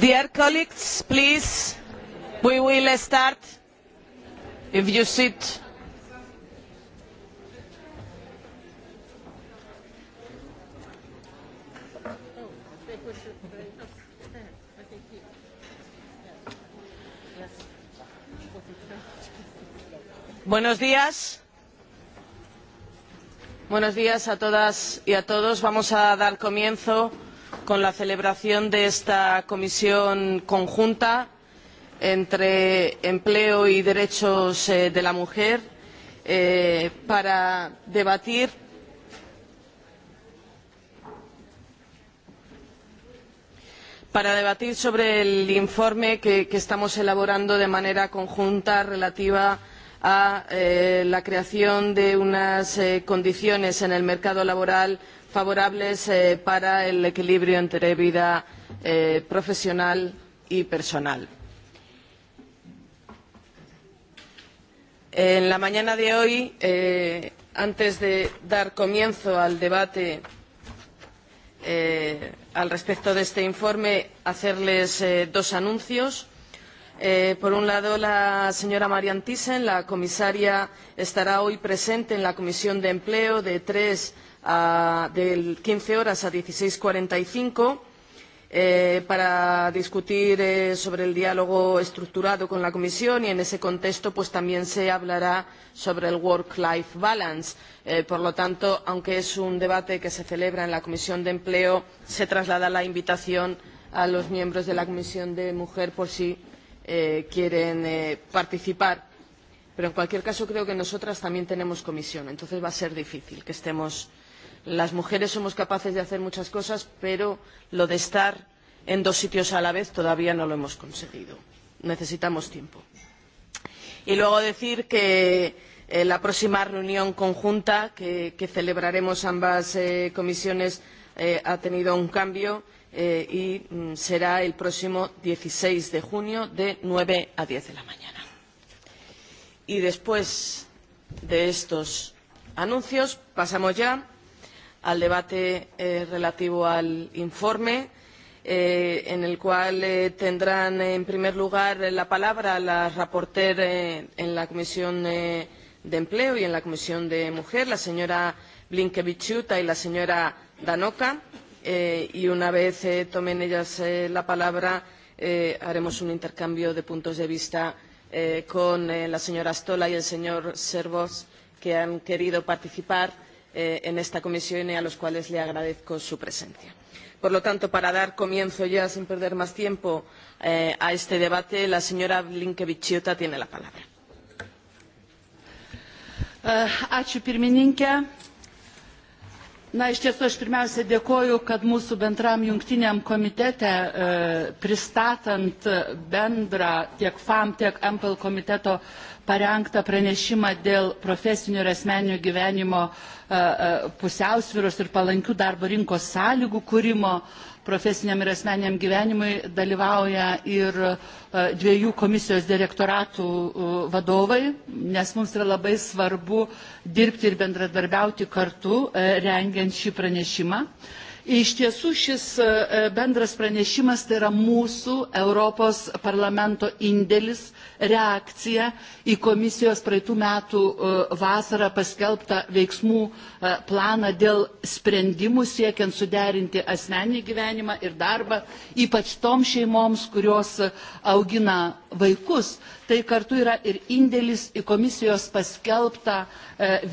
Dear colleagues, please, we will start. If you sit. Buenos días. Buenos días a todas y a todos. Vamos a dar comienzo a con la celebración de esta comisión conjunta entre empleo y derechos de la mujer para debatir para debatir sobre el informe que, estamos elaborando de manera conjunta relativo a la creación de unas condiciones en el mercado laboral favorables para el equilibrio entre vida profesional y personal. En la mañana de hoy, antes de dar comienzo al debate al respecto de este informe, hacerles dos anuncios. por un lado, la señora Marian Thyssen, la comisaria, estará hoy presente en la Comisión de Empleo de tres a de 15 horas a 16.45 eh, para discutir sobre el diálogo estructurado con la Comisión y en ese contexto también se hablará sobre el work-life balance. por lo tanto, aunque es un debate que se celebra en la Comisión de Empleo, se traslada la invitación a los miembros de la Comisión de Mujer por si quieren participar. Pero en cualquier caso creo que nosotras también tenemos comisión, entonces va a ser difícil que estemos las mujeres somos capaces de hacer muchas cosas, pero lo de estar en dos sitios a la vez todavía no lo hemos conseguido. Necesitamos tiempo. Y luego decir que la próxima reunión conjunta que, celebraremos ambas comisiones ha tenido un cambio y será el próximo dieciseis de junio de nueve a diez de la mañana. Y después de estos anuncios pasamos ya al debate relativo al informe, en el cual tendrán en primer lugar la palabra la ponentes en la Comisión de Empleo y en la Comisión de Mujer, la señora Blinkevichiūtė y la señora Danoka. y una vez tomen ellas la palabra, haremos un intercambio de puntos de vista con la señora Stola y el señor Servos, que han querido participar en esta comisión y a los cuales le agradezco su presencia. Por lo tanto, para dar comienzo ya, sin perder más tiempo, a este debate, la señora Blinkevichiota tiene la palabra. Ačiū pirmininkė. Na, iš tiesų, aš pirmiausia dėkoju, kad mūsų bendram jungtiniam komitete pristatant bendrą tiek FAM, tiek MPL komiteto parengtą pranešimą dėl profesinio ir asmeninio gyvenimo pusiausvyros ir palankių darbo rinkos sąlygų kūrimo profesiniam ir asmeniam gyvenimui dalyvauja ir dviejų komisijos direktoratų vadovai, nes mums yra labai svarbu dirbti ir bendradarbiauti kartu, rengiant šį pranešimą. Iš tiesų šis bendras pranešimas tai yra mūsų Europos parlamento indėlis reakcija į komisijos praeitų metų vasarą paskelbtą veiksmų planą dėl sprendimų siekiant suderinti asmeninį gyvenimą ir darbą, ypač toms šeimoms, kurios augina vaikus. Tai kartu yra ir indėlis į komisijos paskelbtą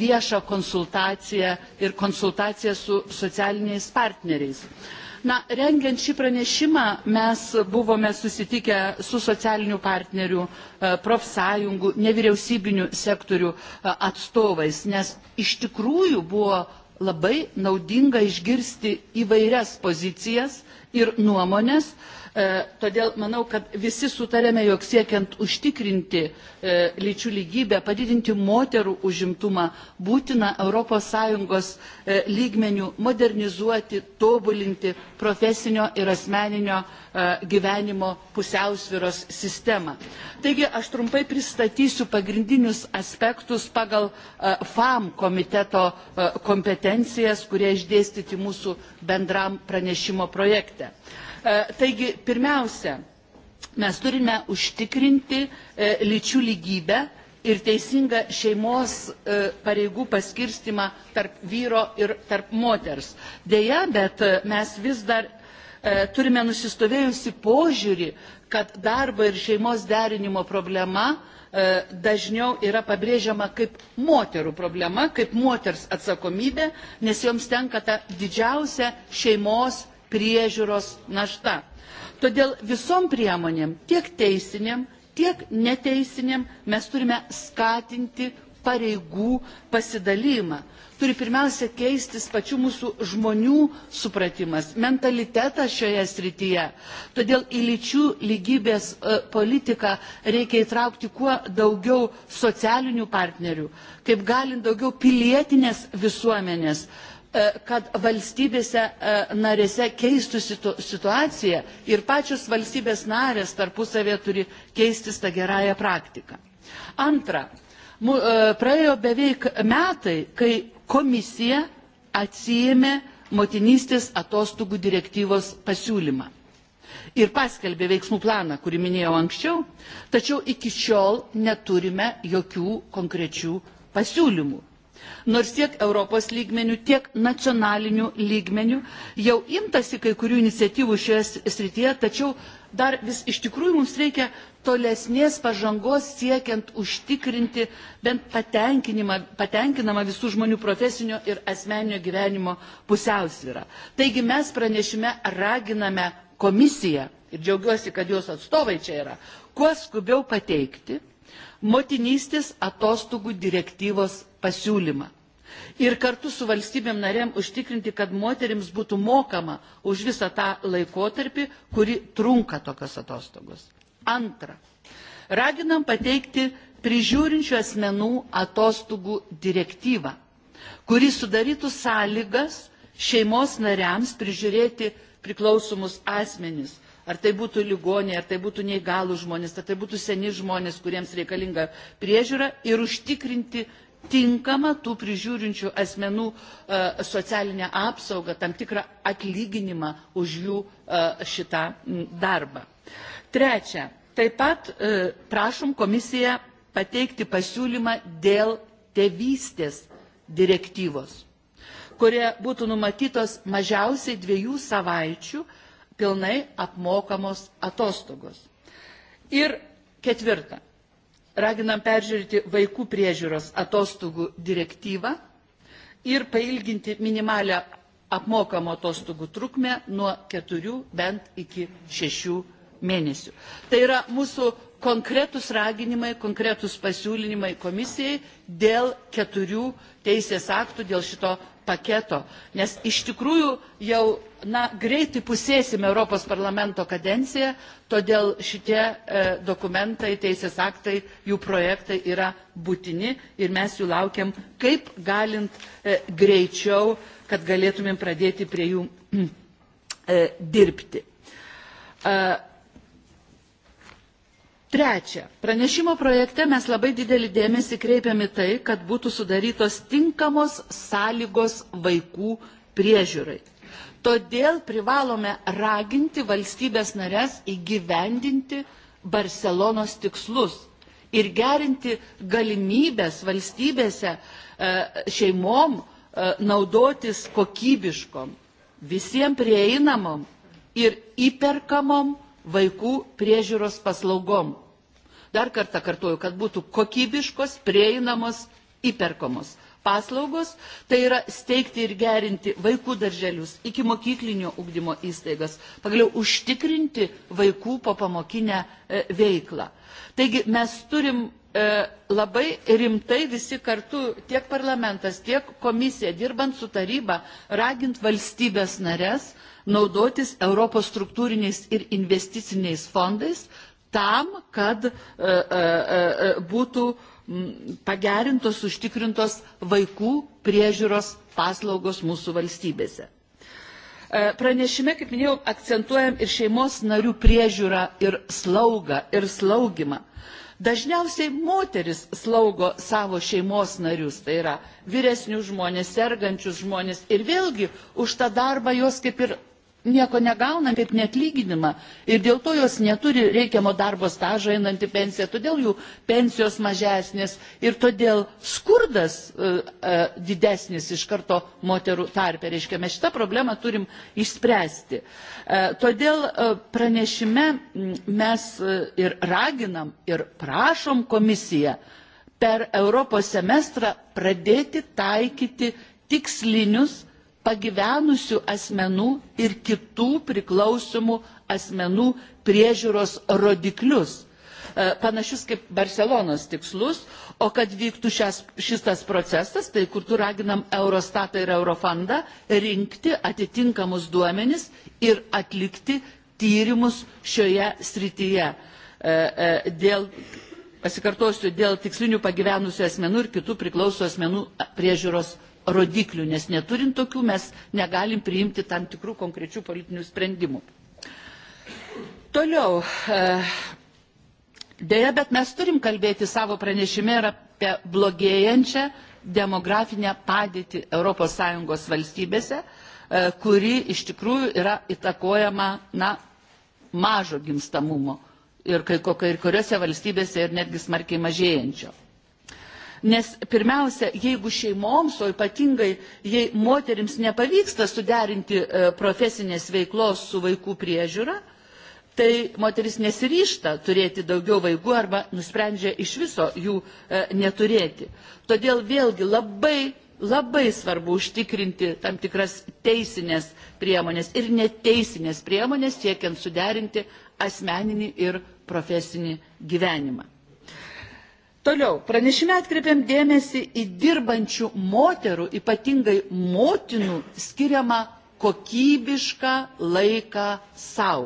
viešą konsultaciją ir konsultaciją su socialiniais partneriais. Na, rengiant šį pranešimą mes buvome susitikę su socialinių partnerių, profsąjungų, nevyriausybinių sektorių atstovais, nes iš tikrųjų buvo labai naudinga išgirsti įvairias pozicijas ir nuomonės, Todėl manau, kad visi sutarėme, jog siekiant užtikrinti lyčių lygybę, padidinti moterų užimtumą, būtina ES lygmenių modernizuoti, tobulinti profesinio ir asmeninio gyvenimo pusiausviros sistemą. Taigi aš trumpai pristatysiu pagrindinius aspektus pagal FAM komiteto kompetencijas, kurie išdėstyti mūsų bendram pranešimo projekte. Taigi, pirmiausia, mes turime užtikrinti lyčių lygybę ir teisingą šeimos pareigų paskirstimą tarp vyro ir tarp moters. Deja, bet mes vis dar turime nusistovėjusi požiūrį, kad darbo ir šeimos derinimo problema dažniau yra pabrėžiama kaip moterų problema, kaip moters atsakomybė, nes joms tenka ta didžiausia šeimos priežiūros našta. Todėl visom priemonėm, tiek teisinėm, tiek neteisiniam mes turime skatinti pareigų pasidalymą. Turi pirmiausia keistis pačių mūsų žmonių supratimas, mentalitetas šioje srityje. Todėl į lyčių lygybės politiką reikia įtraukti kuo daugiau socialinių partnerių, kaip galint daugiau pilietinės visuomenės, kad valstybėse narėse keistų situacija ir pačios valstybės narės tarpusavyje turi keistis tą gerąją praktiką. Antra, praėjo beveik metai, kai komisija atsijėmė motinystės atostogų direktyvos pasiūlymą ir paskelbė veiksmų planą, kurį minėjau anksčiau, tačiau iki šiol neturime jokių konkrečių pasiūlymų. Nors tiek Europos lygmenių, tiek nacionalinių lygmenių jau imtasi kai kurių iniciatyvų šioje srityje, tačiau dar vis iš tikrųjų mums reikia tolesnės pažangos siekiant užtikrinti bent patenkinamą visų žmonių profesinio ir asmeninio gyvenimo pusiausvyrą. Taigi mes pranešime raginame komisiją, ir džiaugiuosi, kad jos atstovai čia yra, kuo skubiau pateikti motinystės atostogų direktyvos pasiūlymą ir kartu su valstybėm narėm užtikrinti, kad moterims būtų mokama už visą tą laikotarpį, kuri trunka tokios atostogos. Antra, raginam pateikti prižiūrinčių asmenų atostogų direktyvą, kuri sudarytų sąlygas šeimos nariams prižiūrėti priklausomus asmenis – Ar tai būtų ligoniai, ar tai būtų neįgalų žmonės, ar tai būtų seni žmonės, kuriems reikalinga priežiūra ir užtikrinti tinkamą tų prižiūrinčių asmenų socialinę apsaugą, tam tikrą atlyginimą už jų šitą darbą. Trečia, taip pat prašom komisiją pateikti pasiūlymą dėl tėvystės direktyvos, kurie būtų numatytos mažiausiai dviejų savaičių pilnai apmokamos atostogos. Ir ketvirta, raginam peržiūrėti vaikų priežiūros atostogų direktyvą ir pailginti minimalią apmokamų atostogų trukmę nuo keturių bent iki šešių mėnesių. Tai yra mūsų konkretus raginimai, konkretus pasiūlymai komisijai dėl keturių teisės aktų, dėl šito paketo. Nes iš tikrųjų jau na, greitai pusėsime Europos parlamento kadenciją, todėl šitie e, dokumentai, teisės aktai, jų projektai yra būtini ir mes jų laukiam kaip galint e, greičiau, kad galėtumėm pradėti prie jų e, dirbti. E, Trečia, pranešimo projekte mes labai didelį dėmesį kreipiame tai, kad būtų sudarytos tinkamos sąlygos vaikų priežiūrai. Todėl privalome raginti valstybės narės įgyvendinti Barcelonos tikslus ir gerinti galimybės valstybėse šeimom naudotis kokybiškom, visiems prieinamom ir įperkamom vaikų priežiūros paslaugom. Dar kartą kartuoju, kad būtų kokybiškos, prieinamos, įperkomos paslaugos, tai yra steigti ir gerinti vaikų darželius, iki mokyklinio ugdymo įstaigas, pagaliau užtikrinti vaikų popamokinę veiklą. Taigi mes turim labai rimtai visi kartu, tiek parlamentas, tiek komisija, dirbant su taryba, ragint valstybės narės naudotis Europos struktūriniais ir investiciniais fondais tam, kad būtų pagerintos, užtikrintos vaikų priežiūros paslaugos mūsų valstybėse. Pranešime, kaip minėjau, akcentuojam ir šeimos narių priežiūrą ir slaugą ir slaugimą. Dažniausiai moteris slaugo savo šeimos narius, tai yra vyresnių žmonės, sergančius žmonės ir vėlgi už tą darbą jos kaip ir nieko negauna kaip netlyginimą ir dėl to jos neturi reikiamo darbo stažo einant į pensiją, todėl jų pensijos mažesnės ir todėl skurdas didesnis iš karto moterų tarpe. Reiškia, mes šitą problemą turim išspręsti. Todėl pranešime mes ir raginam ir prašom komisiją per Europos semestrą pradėti taikyti tikslinius pagyvenusių asmenų ir kitų priklausomų asmenų priežiūros rodiklius panašius kaip Barcelonos tikslus, o kad vyktų šias, šitas procesas, tai kur tu raginam Eurostatą ir Eurofondą rinkti atitinkamus duomenis ir atlikti tyrimus šioje srityje. Dėl pasikartosiu, dėl tikslinių pagyvenusių asmenų ir kitų priklauso asmenų priežiūros rodiklių, nes neturint tokių mes negalim priimti tam tikrų konkrečių politinių sprendimų. Toliau, dėja, bet mes turim kalbėti savo pranešime ir apie blogėjančią demografinę padėtį ES valstybėse, kuri iš tikrųjų yra įtakojama na, mažo gimstamumo ir kai, kai kuriuose valstybėse ir netgi smarkiai mažėjančio. Nes pirmiausia, jeigu šeimoms, o ypatingai jei moterims nepavyksta suderinti profesinės veiklos su vaikų priežiūra, tai moteris nesiryšta turėti daugiau vaikų arba nusprendžia iš viso jų neturėti. Todėl vėlgi labai, labai svarbu užtikrinti tam tikras teisinės priemonės ir neteisinės priemonės siekiant suderinti asmeninį ir profesinį gyvenimą. Toliau, pranešime atkreipiam dėmesį į dirbančių moterų, ypatingai motinų, skiriamą kokybišką laiką savo.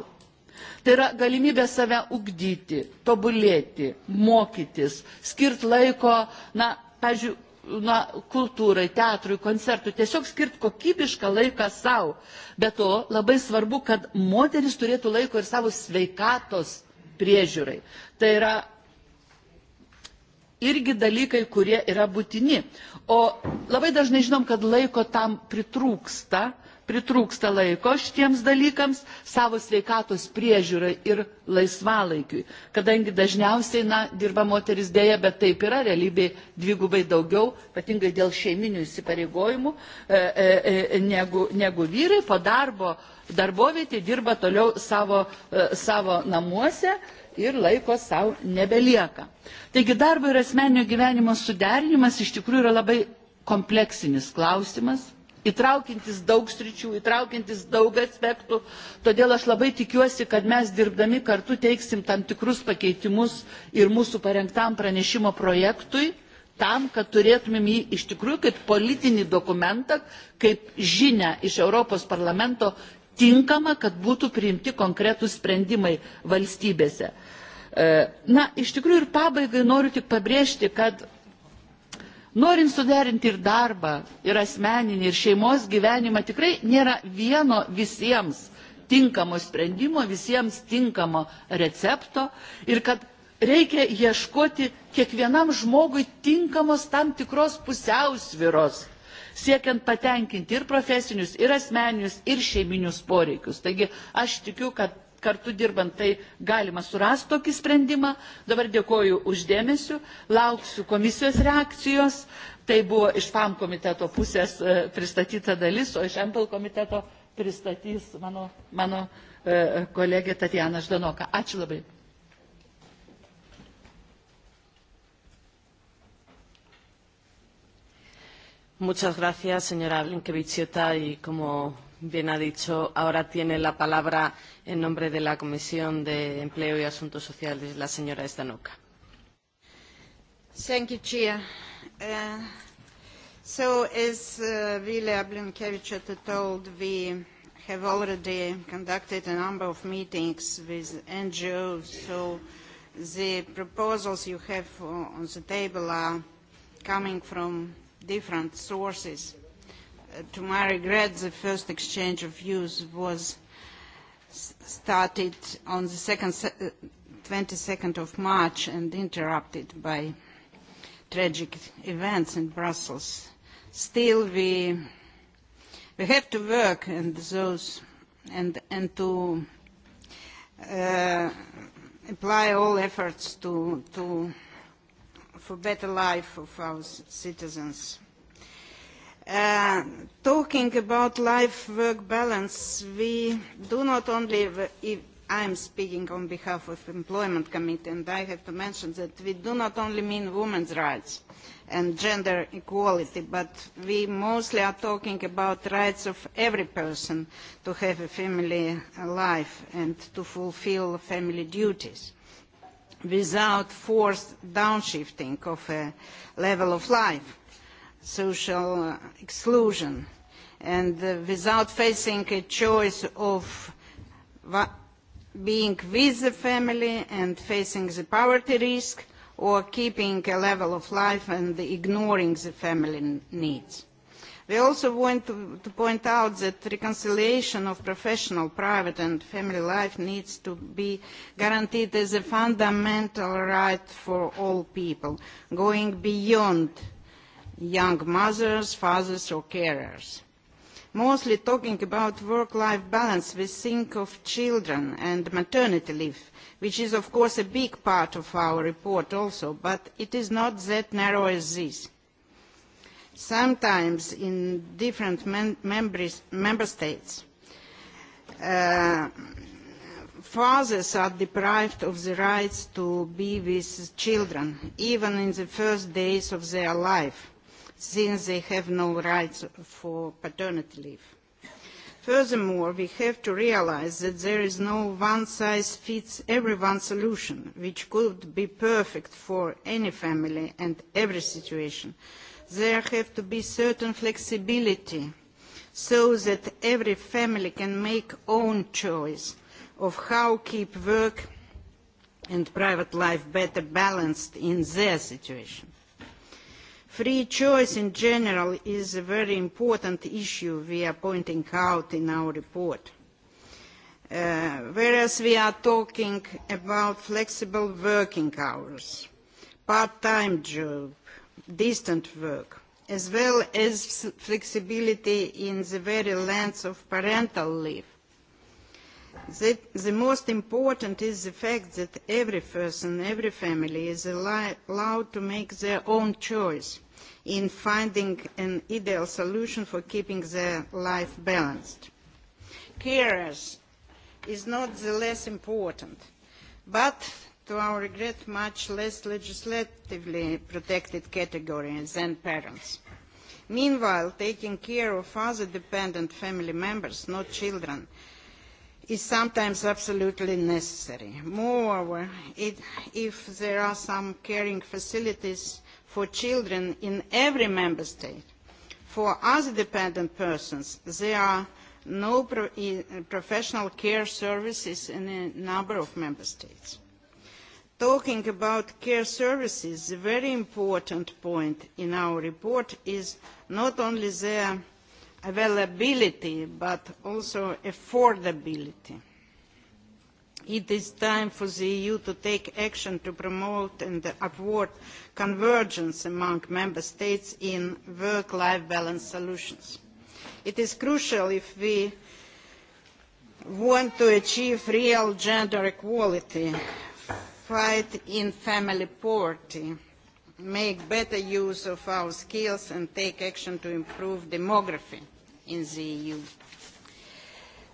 Tai yra galimybė save ugdyti, tobulėti, mokytis, skirti laiko, na, pavyzdžiui, na, kultūrai, teatrui, koncertui, tiesiog skirti kokybišką laiką savo. Be to, labai svarbu, kad moteris turėtų laiko ir savo sveikatos priežiūrai. Tai yra irgi dalykai, kurie yra būtini. O labai dažnai žinom, kad laiko tam pritrūksta, pritrūksta laiko šitiems dalykams, savo sveikatos priežiūrai ir laisvalaikiui. Kadangi dažniausiai, na, dirba moteris dėja, bet taip yra, realybėje dvigubai daugiau, ypatingai dėl šeiminių įsipareigojimų, e, e, negu, negu vyrai po darbo darbovietė dirba toliau savo, e, savo namuose ir laiko savo nebelieka. Taigi darbo ir asmenio gyvenimo suderinimas iš tikrųjų yra labai kompleksinis klausimas, įtraukiantis daug sričių, įtraukiantis daug aspektų. Todėl aš labai tikiuosi, kad mes dirbdami kartu teiksim tam tikrus pakeitimus ir mūsų parengtam pranešimo projektui, tam, kad turėtumėm jį iš tikrųjų kaip politinį dokumentą, kaip žinę iš Europos parlamento tinkama, kad būtų priimti konkretūs sprendimai valstybėse. Na, iš tikrųjų ir pabaigai noriu tik pabrėžti, kad norint suderinti ir darbą, ir asmeninį, ir šeimos gyvenimą, tikrai nėra vieno visiems tinkamo sprendimo, visiems tinkamo recepto ir kad reikia ieškoti kiekvienam žmogui tinkamos tam tikros pusiausviros siekiant patenkinti ir profesinius, ir asmeninius, ir šeiminius poreikius. Taigi aš tikiu, kad kartu dirbant tai galima surasti tokį sprendimą. Dabar dėkoju uždėmesiu, lauksiu komisijos reakcijos. Tai buvo iš FAM komiteto pusės pristatyta dalis, o iš MPL komiteto pristatys mano, mano kolegė Tatjana Ždanoka. Ačiū labai. Muchas gracias, señora Blinkevichiota. Y como bien ha dicho, ahora tiene la palabra en nombre de la Comisión de Empleo y Asuntos Sociales la señora Estanuca. Thank you, Chia. Uh, so, as uh, Vilja Blinkevichiota told, we have already conducted a number of meetings with NGOs, so the proposals you have on the table are coming from different sources. To my regret, the first exchange of views was started on the second, 22nd of March and interrupted by tragic events in Brussels. Still, we, we have to work and those and, and to uh, apply all efforts to, to for better life of our citizens. talking about life-work balance, we do not only, if I am speaking on behalf of the Employment Committee, and I have to mention that we do not only mean women's rights and gender equality, but we mostly are talking about the rights of every person to have a family life and to fulfil family duties without forced downshifting of a level of life, social exclusion, and without facing a choice of being with the family and facing the poverty risk or keeping a level of life and ignoring the family needs. We also want to, point out that reconciliation of professional, private and family life needs to be guaranteed as a fundamental right for all people, going beyond young mothers, fathers or carers. Mostly talking about work-life balance, we think of children and maternity leave, which is of course a big part of our report also, but it is not that narrow as this sometimes in different member states. fathers are deprived of the rights to be with children, even in the first days of their life, since they have no rights for paternity leave. Furthermore, we have to realise that there is no one-size-fits-everyone solution, which could be perfect for any family and every situation, there have to be certain flexibility so that every family can make own choice of how to keep work and private life better balanced in their situation. Free choice in general is a very important issue we are pointing out in our report. whereas we are talking about flexible working hours, part-time jobs, distant work, as well as flexibility in the very length of parental leave. The, the most important is the fact that every person, every family is allowed to make their own choice in finding an ideal solution for keeping their life balanced. Carers is not the less important, but to our regret, much less legislatively protected categories than parents. Meanwhile, taking care of other dependent family members, not children, is sometimes absolutely necessary. Moreover, it, if there are some caring facilities for children in every member state, for other dependent persons, there are no pro professional care services in a number of member states. Talking about care services, a very important point in our report is not only their availability, but also affordability. It is time for the EU to take action to promote and upward convergence among member states in work-life balance solutions. It is crucial if we want to achieve real gender equality fight in family poverty, make better use of our skills and take action to improve demography in the EU.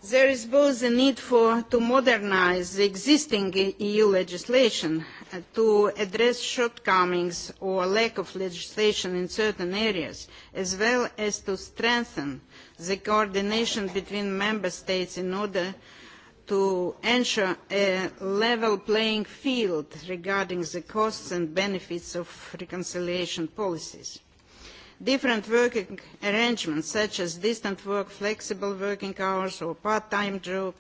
There is both a need for, to modernise the existing EU legislation to address shortcomings or lack of legislation in certain areas, as well as to strengthen the coordination between member states in order to ensure a level playing field regarding the costs and benefits of reconciliation policies. Different working arrangements such as distant work, flexible working hours or part-time job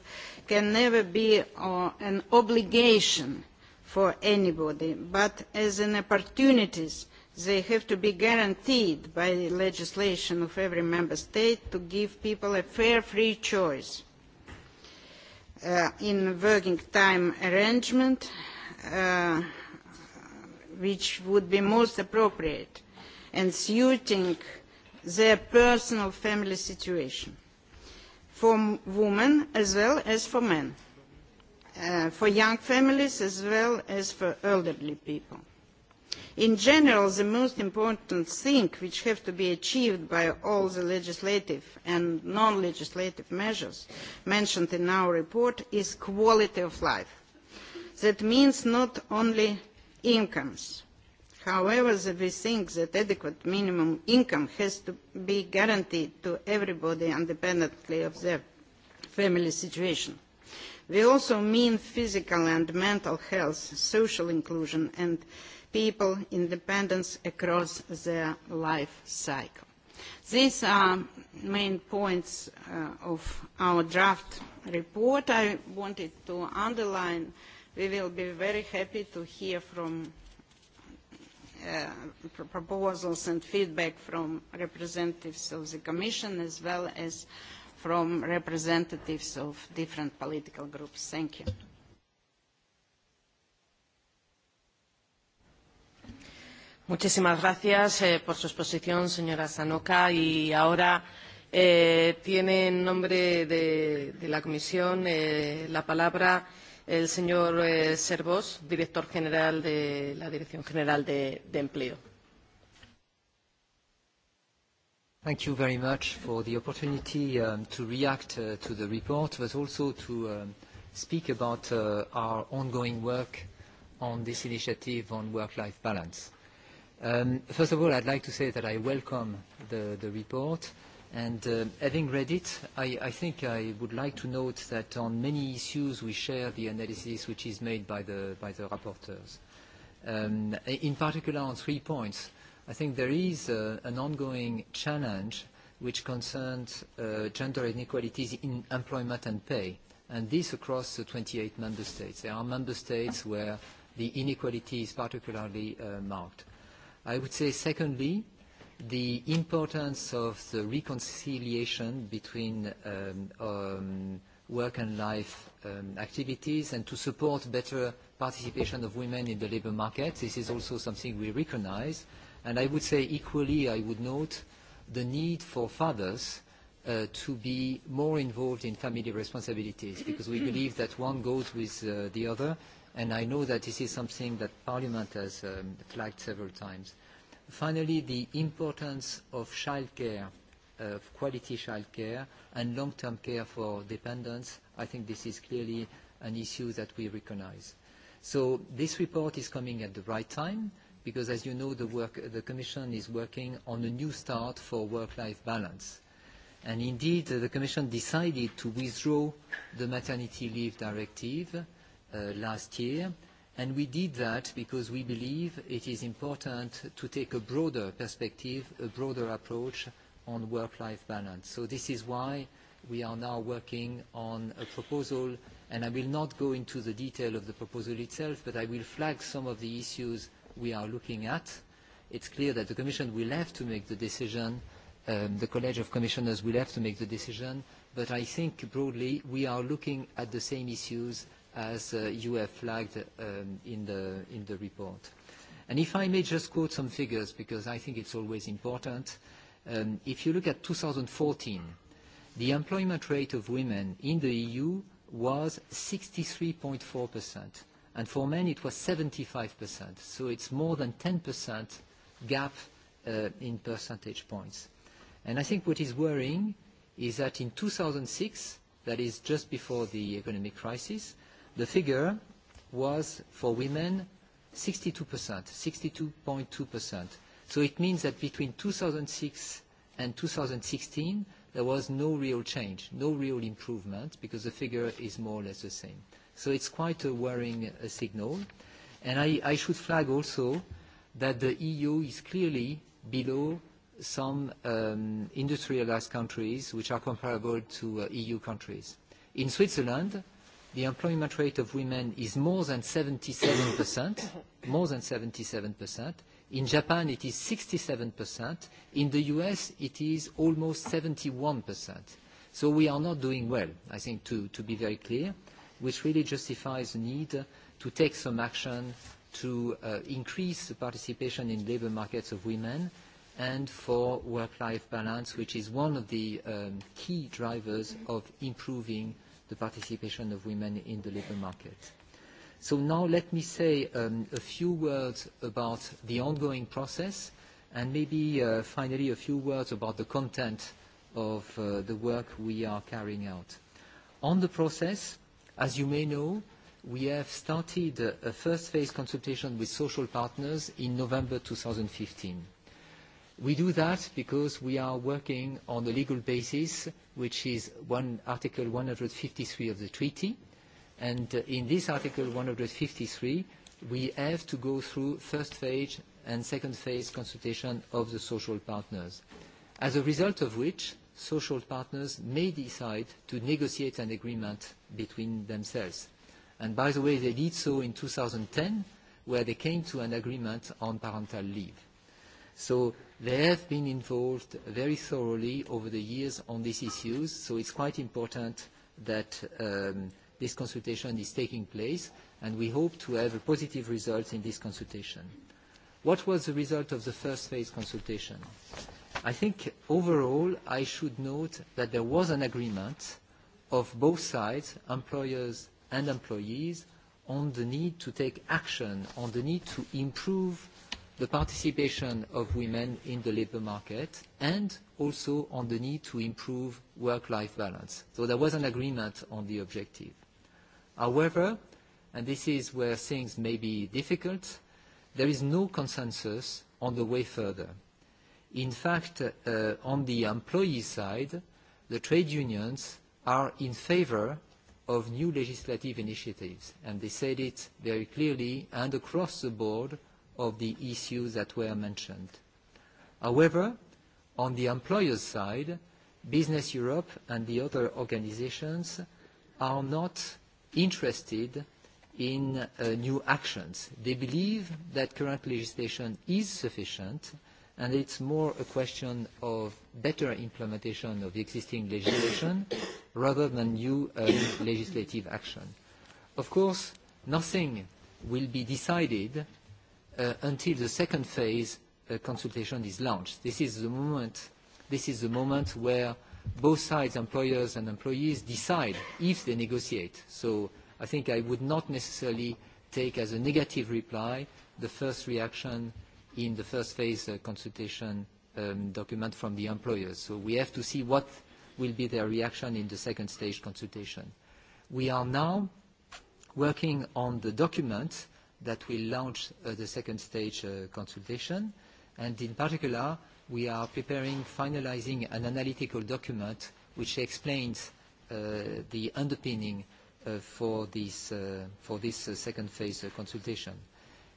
can never be an obligation for anybody, but as an opportunity they have to be guaranteed by the legislation of every member state to give people a fair free choice in working time arrangement which would be most appropriate and suiting their personal family situation for women as well as for men, for young families as well as for elderly people in general the most important thing which has to be achieved by all the legislative and non legislative measures mentioned in our report is quality of life. that means not only incomes. however we think that adequate minimum income has to be guaranteed to everybody independently of their family situation. we also mean physical and mental health social inclusion and people independence across their life cycle. These are main points of our draft report. I wanted to underline we will be very happy to hear from proposals and feedback from representatives of the Commission as well as from representatives of different political groups. Thank you. Muchísimas gracias eh, por su exposición, señora Sanoca. Y ahora eh, tiene en nombre de, de la Comisión eh, la palabra el señor eh, Servos, director general de la Dirección General de, de Empleo. Thank you very much for the opportunity um, to react uh, to the report, but also to um, speak about uh, our ongoing work on this initiative on work-life balance. Um, first of all, I'd like to say that I welcome the, the report. And uh, having read it, I, I think I would like to note that on many issues we share the analysis which is made by the, by the rapporteurs. Um, in particular on three points, I think there is uh, an ongoing challenge which concerns uh, gender inequalities in employment and pay, and this across the 28 member states. There are member states where the inequality is particularly uh, marked. I would say, secondly, the importance of the reconciliation between um, um, work and life um, activities and to support better participation of women in the labour market. This is also something we recognise. And I would say equally, I would note the need for fathers uh, to be more involved in family responsibilities because we believe that one goes with uh, the other and I know that this is something that Parliament has um, flagged several times. Finally, the importance of childcare, of quality childcare and long-term care for dependents, I think this is clearly an issue that we recognize. So this report is coming at the right time because, as you know, the, work, the Commission is working on a new start for work-life balance. And indeed, the Commission decided to withdraw the maternity leave directive last year. And we did that because we believe it is important to take a broader perspective, a broader approach on work-life balance. So this is why we are now working on a proposal, and I will not go into the detail of the proposal itself, but I will flag some of the issues we are looking at. It's clear that the Commission will have to make the decision, the College of Commissioners will have to make the decision, but I think broadly we are looking at the same issues as you have flagged in the report. And If I may just quote some figures, because I think it's always important. If you look at 2014, the employment rate of women in the EU was 63.4%, and for men it was 75%. So It's more than 10% gap in percentage points. And I think what is worrying is that in 2006, that is just before the economic crisis, The figure was for women 62%, 62.2%. So it means that between 2006 and 2016, there was no real change, no real improvement, because the figure is more or less the same. So it's quite a worrying uh, signal. And I, I should flag also that the EU is clearly below some industrialized countries which are comparable to uh, EU countries. In Switzerland, the employment rate of women is more than 77%, more than 77%. In Japan, it is 67%. In the US, it is almost 71%. So we are not doing well, I think, to, to be very clear, which really justifies the need to take some action to uh, increase the participation in labor markets of women and for work-life balance, which is one of the um, key drivers of improving the participation of women in the labour market. So now let me say a few words about the ongoing process and maybe finally a few words about the content of the work we are carrying out. On the process, as you may know, we have started a first phase consultation with social partners in November 2015. We do that because we are working on a legal basis, which is one Article 153 of the treaty. and In this Article 153, we have to go through first phase and second phase consultation of the social partners. As a result of which, social partners may decide to negotiate an agreement between themselves. And By the way, they did so in 2010, where they came to an agreement on parental leave. So They have been involved very thoroughly over the years on these issues, so it's quite important that um, this consultation is taking place, and we hope to have a positive result in this consultation. What was the result of the first phase consultation? I think overall I should note that there was an agreement of both sides, employers and employees, on the need to take action, on the need to improve the participation of women in the labour market and also on the need to improve work-life balance. So there was an agreement on the objective. However, and this is where things may be difficult, there is no consensus on the way further. In fact, uh, on the employee side, the trade unions are in favour of new legislative initiatives, and they said it very clearly and across the board of the issues that were mentioned. However, on the employer's side, Business Europe and the other organizations are not interested in uh, new actions. They believe that current legislation is sufficient and it's more a question of better implementation of existing legislation rather than new legislative action. Of course, nothing will be decided until the second phase consultation is launched. This is the moment, this is the moment where both sides, employers and employees, decide if they negotiate. So I think I would not necessarily take as a negative reply the first reaction in the first phase consultation document from the employers. So we have to see what will be their reaction in the second stage consultation. We are now working on the document that will launch the second stage consultation. and In particular, we are preparing, finalizing an analytical document which explains the underpinning for this second phase consultation.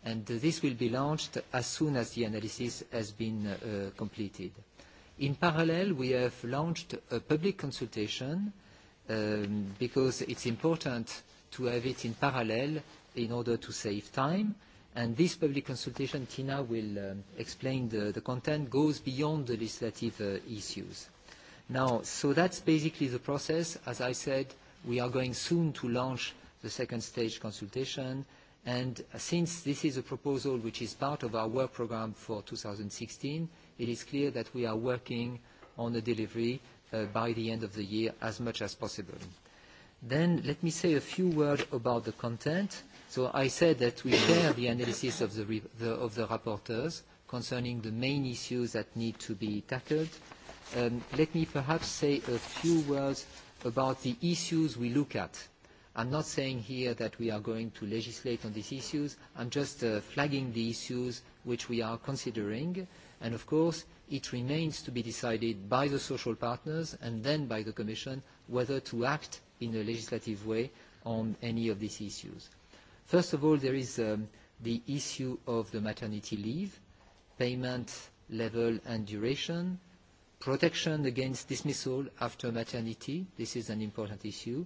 and This will be launched as soon as the analysis has been completed. In parallel, we have launched a public consultation because it's important to have it in parallel in order to save time. And this public consultation, Tina will um, explain the, the content, goes beyond the legislative uh, issues. Now, so that's basically the process. As I said, we are going soon to launch the second stage consultation. And since this is a proposal which is part of our work program for 2016, it is clear that we are working on the delivery uh, by the end of the year as much as possible. Then let me say a few words about the content So I said that we share the analysis of the, the, of the rapporteurs concerning the main issues that need to be tackled. Um, let me perhaps say a few words about the issues we look at. I'm not saying here that we are going to legislate on these issues. I'm just uh, flagging the issues which we are considering. And of course, it remains to be decided by the social partners and then by the Commission whether to act in a legislative way on any of these issues. First of all, there is the issue of the maternity leave, payment level and duration, protection against dismissal after maternity. This is an important issue.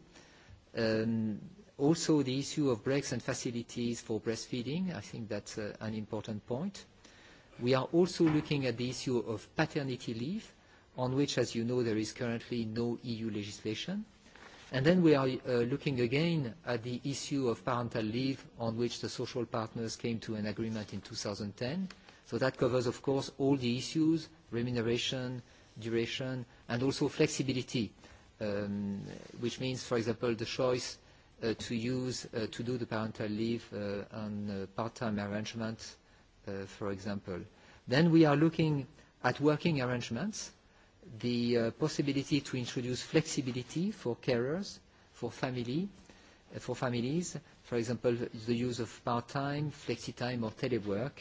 Also the issue of breaks and facilities for breastfeeding. I think that's an important point. We are also looking at the issue of paternity leave, on which, as you know, there is currently no EU legislation And then we are uh, looking again at the issue of parental leave on which the social partners came to an agreement in 2010. So that covers, of course, all the issues, remuneration, duration, and also flexibility, um, which means, for example, the choice uh, to use, uh, to do the parental leave uh, on part-time arrangements, uh, for example. Then we are looking at working arrangements, uh, the uh, possibility to introduce flexibility for carers, for family, uh, for families, for example, the use of part-time, flexi-time or telework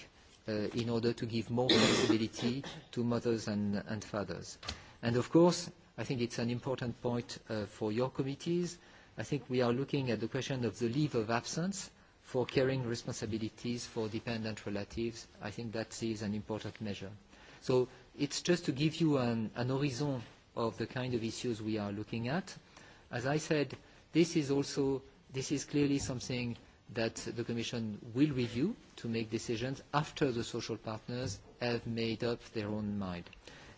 uh, in order to give more flexibility to mothers and, and fathers. And of course, I think it's an important point uh, for your committees. I think we are looking at the question of the leave of absence for caring responsibilities for dependent relatives. I think that is an important measure. So it's just to give you an, an horizon of the kind of issues we are looking at. As I said, this is also, this is clearly something that the Commission will review to make decisions after the social partners have made up their own mind.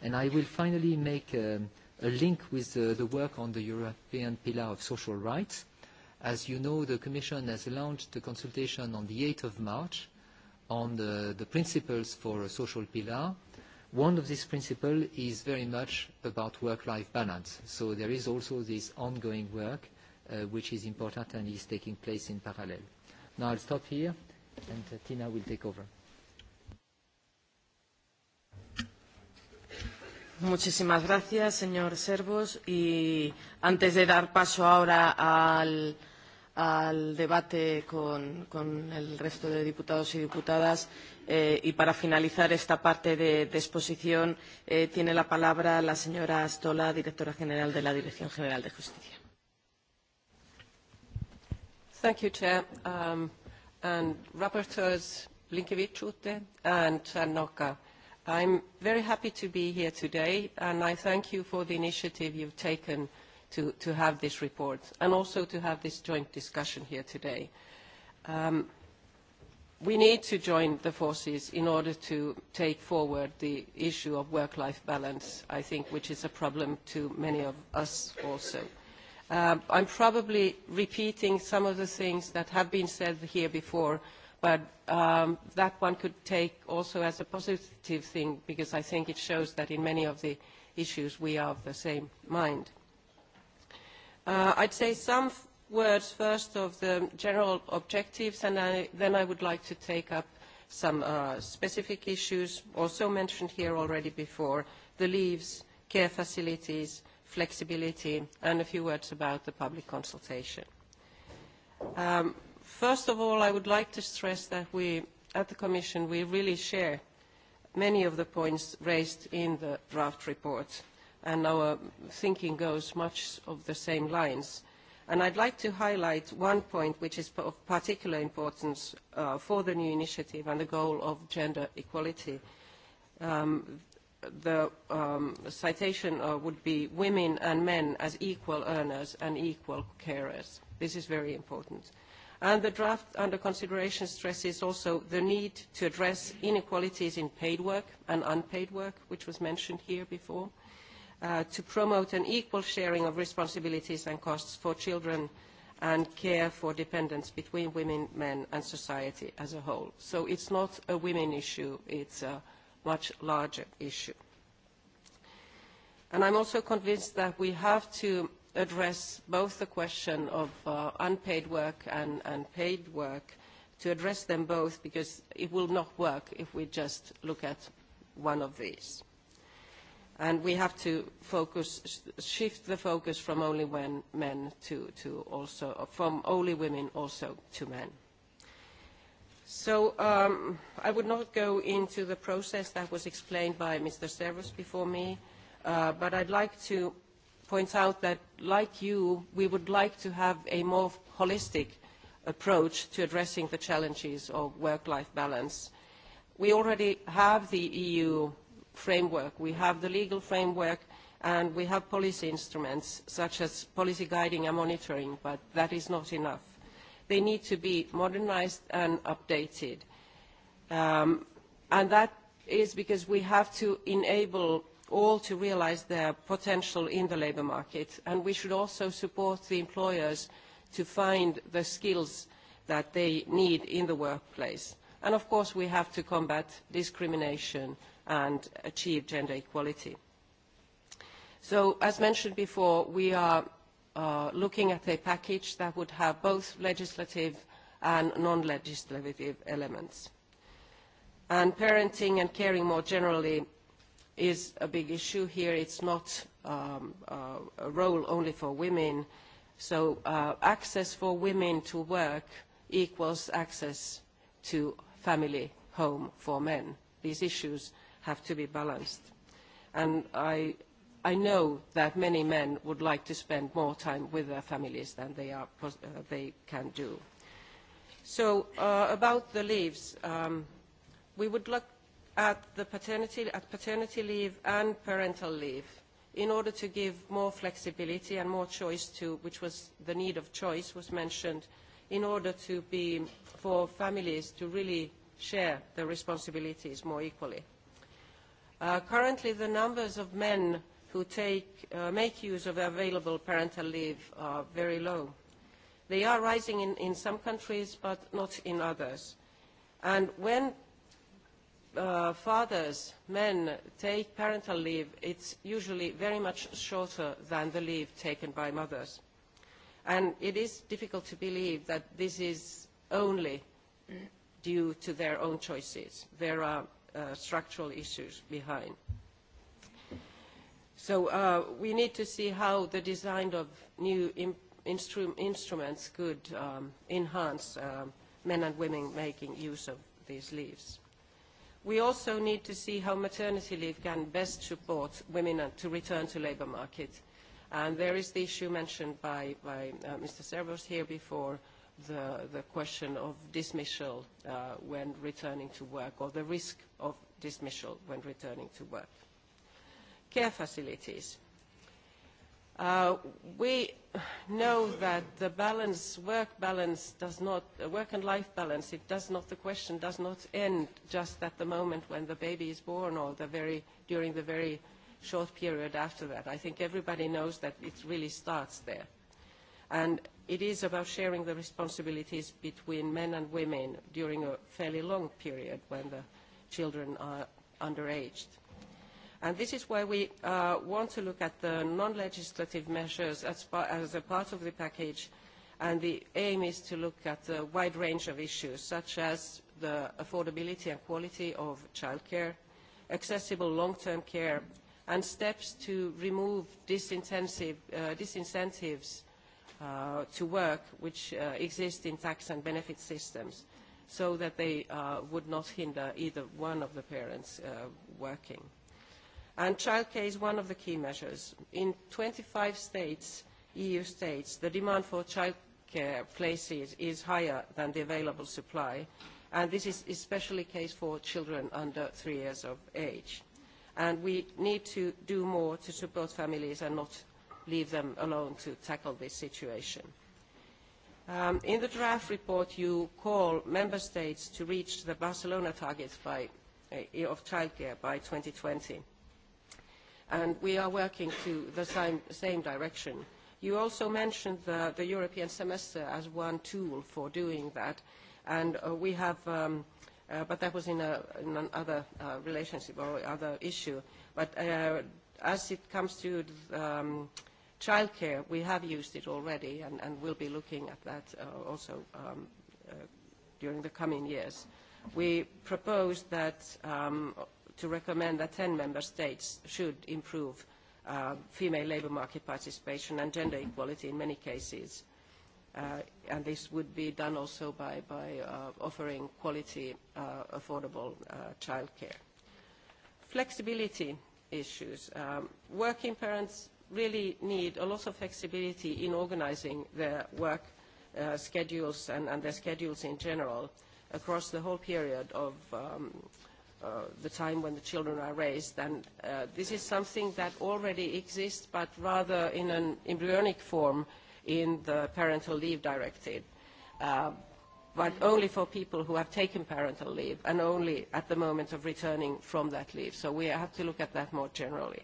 And I will finally make a, a link with the, the work on the European Pillar of Social Rights. As you know, the Commission has launched a consultation on the 8th of March on the, the principles for a social pillar. One of these principles is very much about work-life balance. So there is also this ongoing work, uh, which is important and is taking place in parallel. Now I'll stop here, and uh, Tina will take over. Muchísimas gracias, señor Servos. Y antes de dar paso ahora al al debate con, con el resto de diputados y diputadas. Eh, y para finalizar esta parte de, de exposición, eh, tiene la palabra la señora Astola, directora general de la Dirección General de Justicia. Thank you, Chair. Um, and rapporteurs Blinkevichute and Czarnoka. I'm very happy to be here today, and I thank you for the initiative you've taken to, to have this report and also to have this joint discussion here today. Um, we need to join the forces in order to take forward the issue of work-life balance, I think, which is a problem to many of us also. I am probably repeating some of the things that have been said here before, but that one could take also as a positive thing because I think it shows that in many of the issues we are of the same mind. Uh, I'd say some words first of the general objectives, and I, then I would like to take up some uh, specific issues also mentioned here already before, the leaves, care facilities, flexibility, and a few words about the public consultation. Um, first of all, I would like to stress that we, at the Commission, we really share many of the points raised in the draft report and our thinking goes much of the same lines. And I'd like to highlight one point which is of particular importance uh, for the new initiative and the goal of gender equality. Um, the um, citation uh, would be women and men as equal earners and equal carers. This is very important. And the draft under consideration stresses also the need to address inequalities in paid work and unpaid work, which was mentioned here before to promote an equal sharing of responsibilities and costs for children and care for dependents between women, men and society as a whole. So it's not a women issue, it's a much larger issue. And I'm also convinced that we have to address both the question of uh, unpaid work and, and paid work, to address them both because it will not work if we just look at one of these and we have to focus, shift the focus from only when men to, to also, from only women also to men. So um, I would not go into the process that was explained by Mr. Servus before me, uh, but I'd like to point out that, like you, we would like to have a more holistic approach to addressing the challenges of work-life balance. We already have the EU framework. We have the legal framework and we have policy instruments such as policy guiding and monitoring, but that is not enough. They need to be modernized and updated. Um, and that is because we have to enable all to realize their potential in the labor market. And we should also support the employers to find the skills that they need in the workplace. And of course, we have to combat discrimination and achieve gender equality. So as mentioned before, we are uh, looking at a package that would have both legislative and non-legislative elements. And parenting and caring more generally is a big issue here. It's not um, uh, a role only for women. So uh, access for women to work equals access to family home for men. These issues have to be balanced. And I, I know that many men would like to spend more time with their families than they, are, uh, they can do. So uh, about the leaves, um, we would look at the paternity, at paternity leave and parental leave in order to give more flexibility and more choice to, which was the need of choice was mentioned, in order to be, for families to really share the responsibilities more equally currently, the numbers of men who take, uh, make use of available parental leave are very low. They are rising in, in some countries, but not in others. And when uh, fathers, men, take parental leave, it's usually very much shorter than the leave taken by mothers. And it is difficult to believe that this is only due to their own choices. There are structural issues behind. So we need to see how the design of new instruments could enhance men and women making use of these leaves. We also need to see how maternity leave can best support women to return to labour market. And there is the issue mentioned by, by uh, Mr. Servos here before the, the question of dismissal uh, when returning to work or the risk of dismissal when returning to work. Care facilities. Uh, we know that the balance, work balance does not, uh, work and life balance, it does not, the question does not end just at the moment when the baby is born or the very, during the very short period after that. I think everybody knows that it really starts there And it is about sharing the responsibilities between men and women during a fairly long period when the children are underage. And this is why we uh, want to look at the non-legislative measures as, as a part of the package, and the aim is to look at a wide range of issues, such as the affordability and quality of childcare, accessible long-term care, and steps to remove disincentives uh, to work which uh, exist in tax and benefit systems so that they uh, would not hinder either one of the parents uh, working. And childcare is one of the key measures. In 25 states, EU states, the demand for childcare places is higher than the available supply, and this is especially the case for children under three years of age. And we need to do more to support families and not leave them alone to tackle this situation. in the draft report, you call member states to reach the Barcelona targets by, uh, of childcare by 2020. And we are working to the same, same direction. You also mentioned the, the European semester as one tool for doing that. And uh, we have, um, uh, but that was in, a, in another uh, relationship or other issue. But uh, as it comes to the um, Childcare, we have used it already and, and will be looking at that uh, also um, uh, during the coming years. We propose that um, to recommend that 10 member states should improve uh, female labour market participation and gender equality in many cases. Uh, and this would be done also by, by uh, offering quality, uh, affordable uh, childcare. Flexibility issues. Um, working parents really need a lot of flexibility in organising their work uh, schedules and, and their schedules in general across the whole period of um, uh, the time when the children are raised. And uh, this is something that already exists, but rather in an embryonic form in the parental leave directive. Uh, but only for people who have taken parental leave and only at the moment of returning from that leave. So we have to look at that more generally.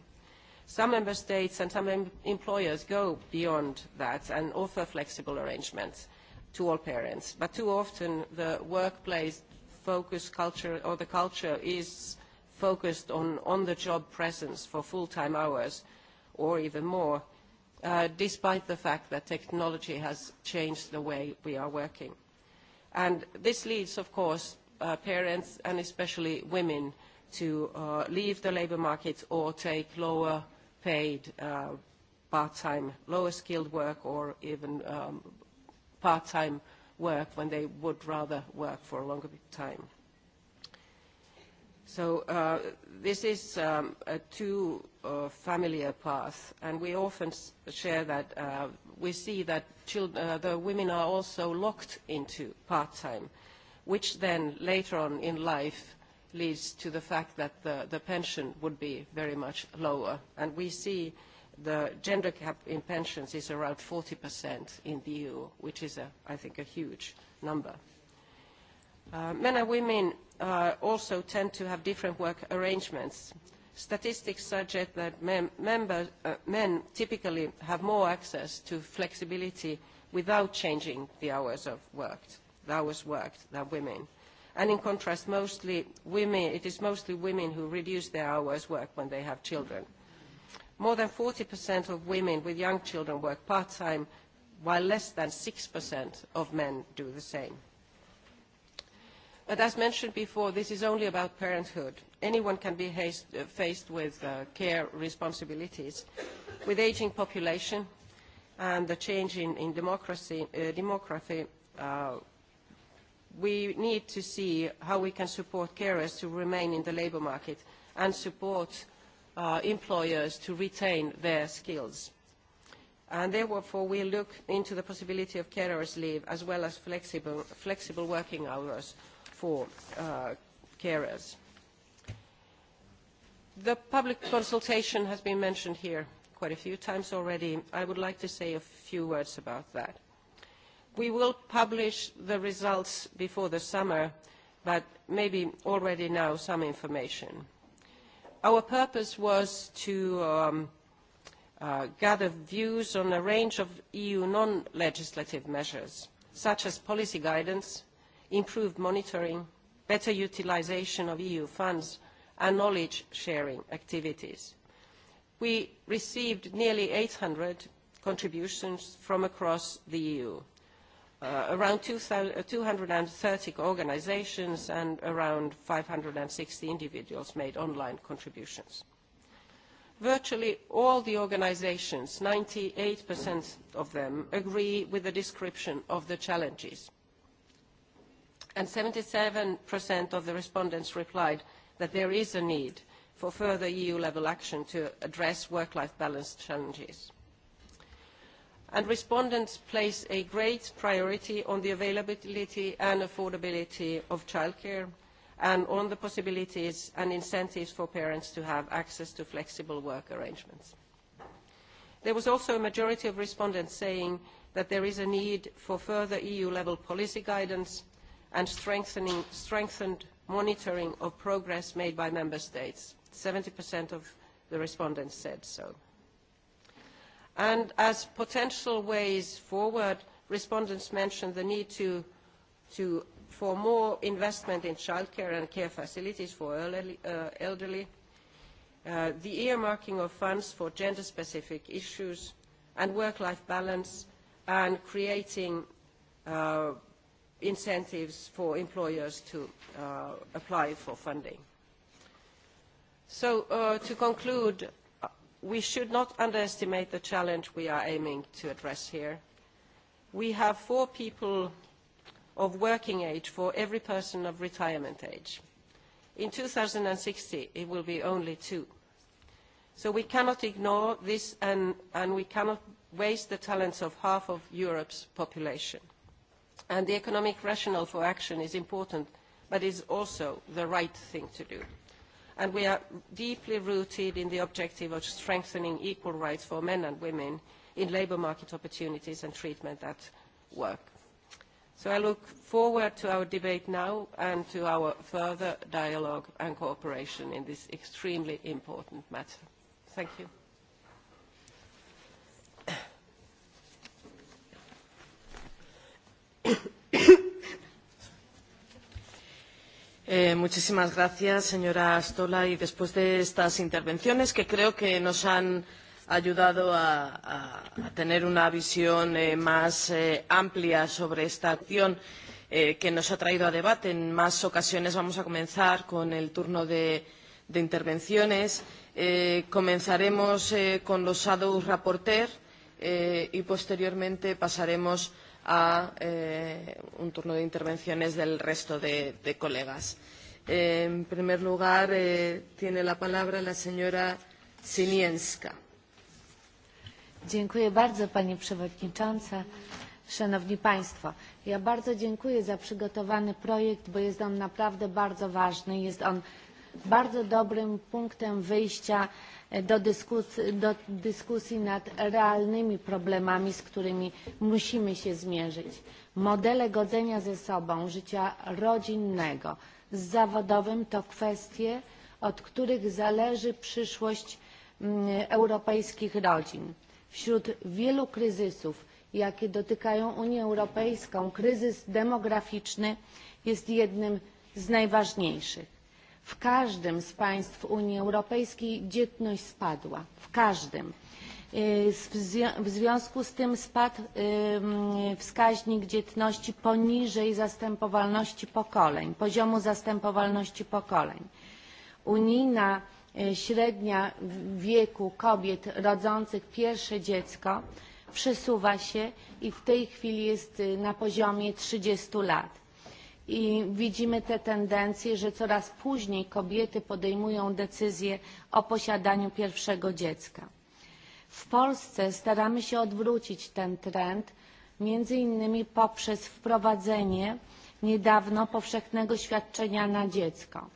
Some member states and some em employers go beyond that and offer flexible arrangements to all parents. But too often the workplace focus culture or the culture is focused on on-the-job presence for full-time hours or even more, uh, despite the fact that technology has changed the way we are working. And this leads, of course, uh, parents and especially women to uh, leave the labour market or take lower paid part-time lower skilled work or even part-time work when they would rather work for a longer time. So uh, this is um, a too uh, familiar path, and we often share that uh, we see that children, uh, the women are also locked into part-time, which then later on in life leads to the fact that the, the pension would be very much lower. And we see the gender gap in pensions is around 40% in the EU, which is, a, I think, a huge number. Uh, men and women uh, also tend to have different work arrangements. Statistics suggest that uh, men typically have more access to flexibility without changing the hours of the hours worked than women And in contrast, mostly women, it is mostly women who reduce their hours work when they have children. More than 40% of women with young children work part-time, while less than 6% of men do the same. But as mentioned before, this is only about parenthood. Anyone can be faced with care responsibilities. With aging population and the change in demography, we need to see how we can support carers to remain in the labour market and support uh, employers to retain their skills. And therefore, we look into the possibility of carers' leave as well as flexible, flexible working hours for uh, carers. The public consultation has been mentioned here quite a few times already. I would like to say a few words about that. We will publish the results before the summer, but maybe already now some information. Our purpose was to gather views on a range of EU non-legislative measures, such as policy guidance, improved monitoring, better utilisation of EU funds, and knowledge-sharing activities. We received nearly eight hundred contributions from across the EU uh, around 230 organizations and around 560 individuals made online contributions. Virtually all the organizations, 98% of them, agree with the description of the challenges. And 77% of the respondents replied that there is a need for further EU-level action to address work-life balance challenges and respondents place a great priority on the availability and affordability of childcare and on the possibilities and incentives for parents to have access to flexible work arrangements. There was also a majority of respondents saying that there is a need for further EU-level policy guidance and strengthened monitoring of progress made by Member States. 70% of the respondents said so. And as potential ways forward, respondents mentioned the need to, to, for more investment in childcare and care facilities for elderly, uh, elderly uh, the earmarking of funds for gender-specific issues and work-life balance, and creating uh, incentives for employers to uh, apply for funding. So uh, to conclude, we should not underestimate the challenge we are aiming to address here. We have four people of working age for every person of retirement age. In 2060, it will be only two. So we cannot ignore this, and we cannot waste the talents of half of Europe's population. And the economic rationale for action is important, but is also the right thing to do and we are deeply rooted in the objective of strengthening equal rights for men and women in labour market opportunities and treatment at work. So I look forward to our debate now and to our further dialogue and cooperation in this extremely important matter. Thank you. Thank you. muchísimas gracias, señora Astola. Y después de estas intervenciones, que creo que nos han ayudado a, tener una visión más amplia sobre esta acción que nos ha traído a debate en más ocasiones, vamos a comenzar con el turno de, intervenciones. comenzaremos con los shadow rapporteur y posteriormente pasaremos a eh, un turno de intervenciones del resto de, de colegas. Eh, en primer lugar, eh, tiene la palabra la señora Sinienska. Dziękuję bardzo, Pani Przewodnicząca. Szanowni Państwo, ja bardzo dziękuję za przygotowany projekt, bo jest on naprawdę bardzo ważny. Jest on bardzo dobrym punktem wyjścia do dyskusji, do dyskusji nad realnymi problemami, z którymi musimy się zmierzyć. Modele godzenia ze sobą życia rodzinnego z zawodowym to kwestie, od których zależy przyszłość europejskich rodzin. Wśród wielu kryzysów, jakie dotykają Unię Europejską, kryzys demograficzny jest jednym z najważniejszych W każdym z państw Unii Europejskiej dzietność spadła. W każdym. W związku z tym spadł wskaźnik dzietności poniżej zastępowalności pokoleń, poziomu zastępowalności pokoleń. Unijna średnia wieku kobiet rodzących pierwsze dziecko przesuwa się i w tej chwili jest na poziomie 30 lat i widzimy te tendencje, że coraz później kobiety podejmują decyzję o posiadaniu pierwszego dziecka. W Polsce staramy się odwrócić ten trend, między innymi poprzez wprowadzenie niedawno powszechnego świadczenia na dziecko.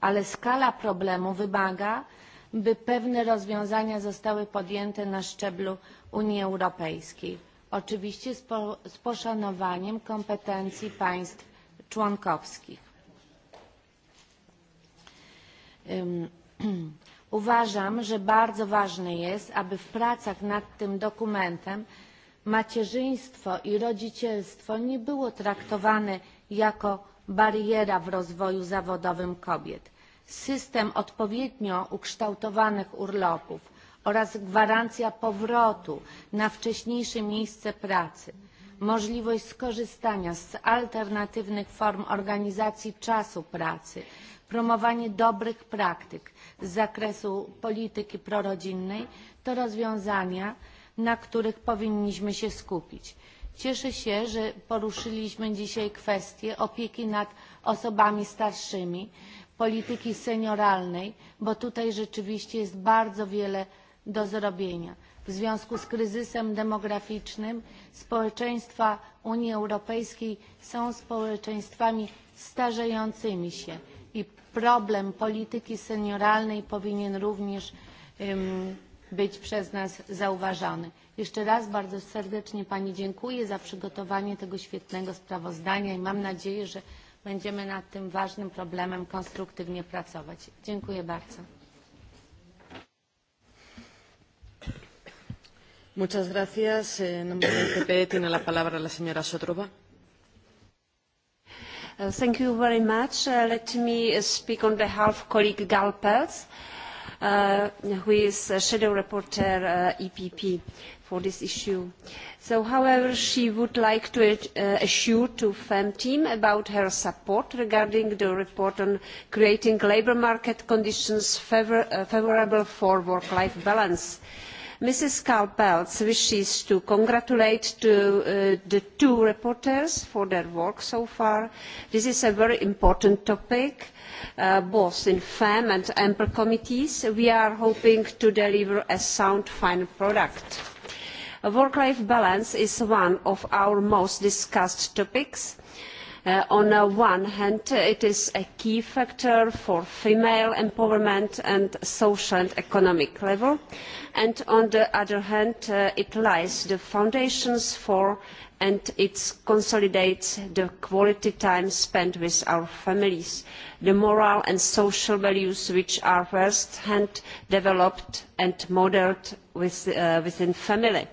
Ale skala problemu wymaga, by pewne rozwiązania zostały podjęte na szczeblu Unii Europejskiej. Oczywiście z poszanowaniem kompetencji państw członkowskich. Uważam, że bardzo ważne jest, aby w pracach nad tym dokumentem macierzyństwo i rodzicielstwo nie było traktowane jako bariera w rozwoju zawodowym kobiet. System odpowiednio ukształtowanych urlopów oraz gwarancja powrotu na wcześniejsze miejsce pracy – możliwość skorzystania z alternatywnych form organizacji czasu pracy, promowanie dobrych praktyk z zakresu polityki prorodzinnej to rozwiązania, na których powinniśmy się skupić. Cieszę się, że poruszyliśmy dzisiaj kwestię opieki nad osobami starszymi, polityki senioralnej, bo tutaj rzeczywiście jest bardzo wiele do zrobienia w związku z kryzysem demograficznym społeczeństwa Unii Europejskiej są społeczeństwami starzejącymi się i problem polityki senioralnej powinien również być przez nas zauważony. Jeszcze raz bardzo serdecznie Pani dziękuję za przygotowanie tego świetnego sprawozdania i mam nadzieję, że będziemy nad tym ważnym problemem konstruktywnie pracować. Dziękuję bardzo. Muchas gracias. En nombre del PP tiene la palabra la señora Sotrova. Thank you very much. Let me speak on behalf of colleague Gal Peltz, who is a shadow rapporteur, EPP, for this issue. So, however, she would like to assure the FEM team about her support regarding the report on creating labour market conditions favourable for work-life balance. Uh, Mrs. Kalpelts wishes to congratulate the two rapporteurs for their work so far. This is a very important topic, both in FEM and EMPL committees. We are hoping to deliver a sound final product. Work-life balance is one of our most discussed topics on the one hand, it is a key factor for female empowerment at social and economic level, and on the other hand, it lays the foundations for and it consolidates the quality time spent with our families, the moral and social values which are first hand developed and modelled within the family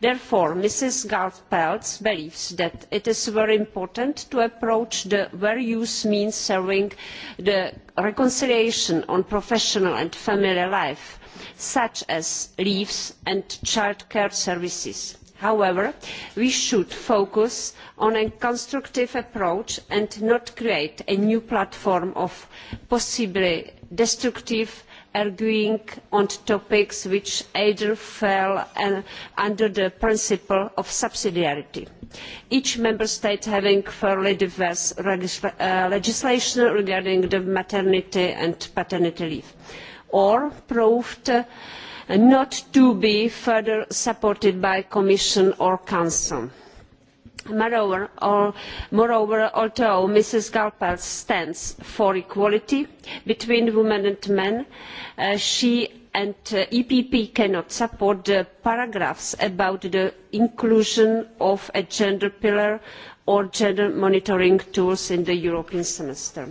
therefore ms Peltz believes that it is very important to approach the various use means serving the reconciliation on professional and family life such as leave and childcare services. however we should focus on a constructive approach and not create a new platform of possibly destructive arguing on topics which either fell under the principle of subsidiarity, each member state having fairly diverse legislation regarding the maternity and paternity leave, or proved not to be further supported by the Commission or Council Moreover, although Mrs. Galpel stands for equality between women and men, she and the EPP cannot support the paragraphs about the inclusion of a gender pillar or gender monitoring tools in the European semester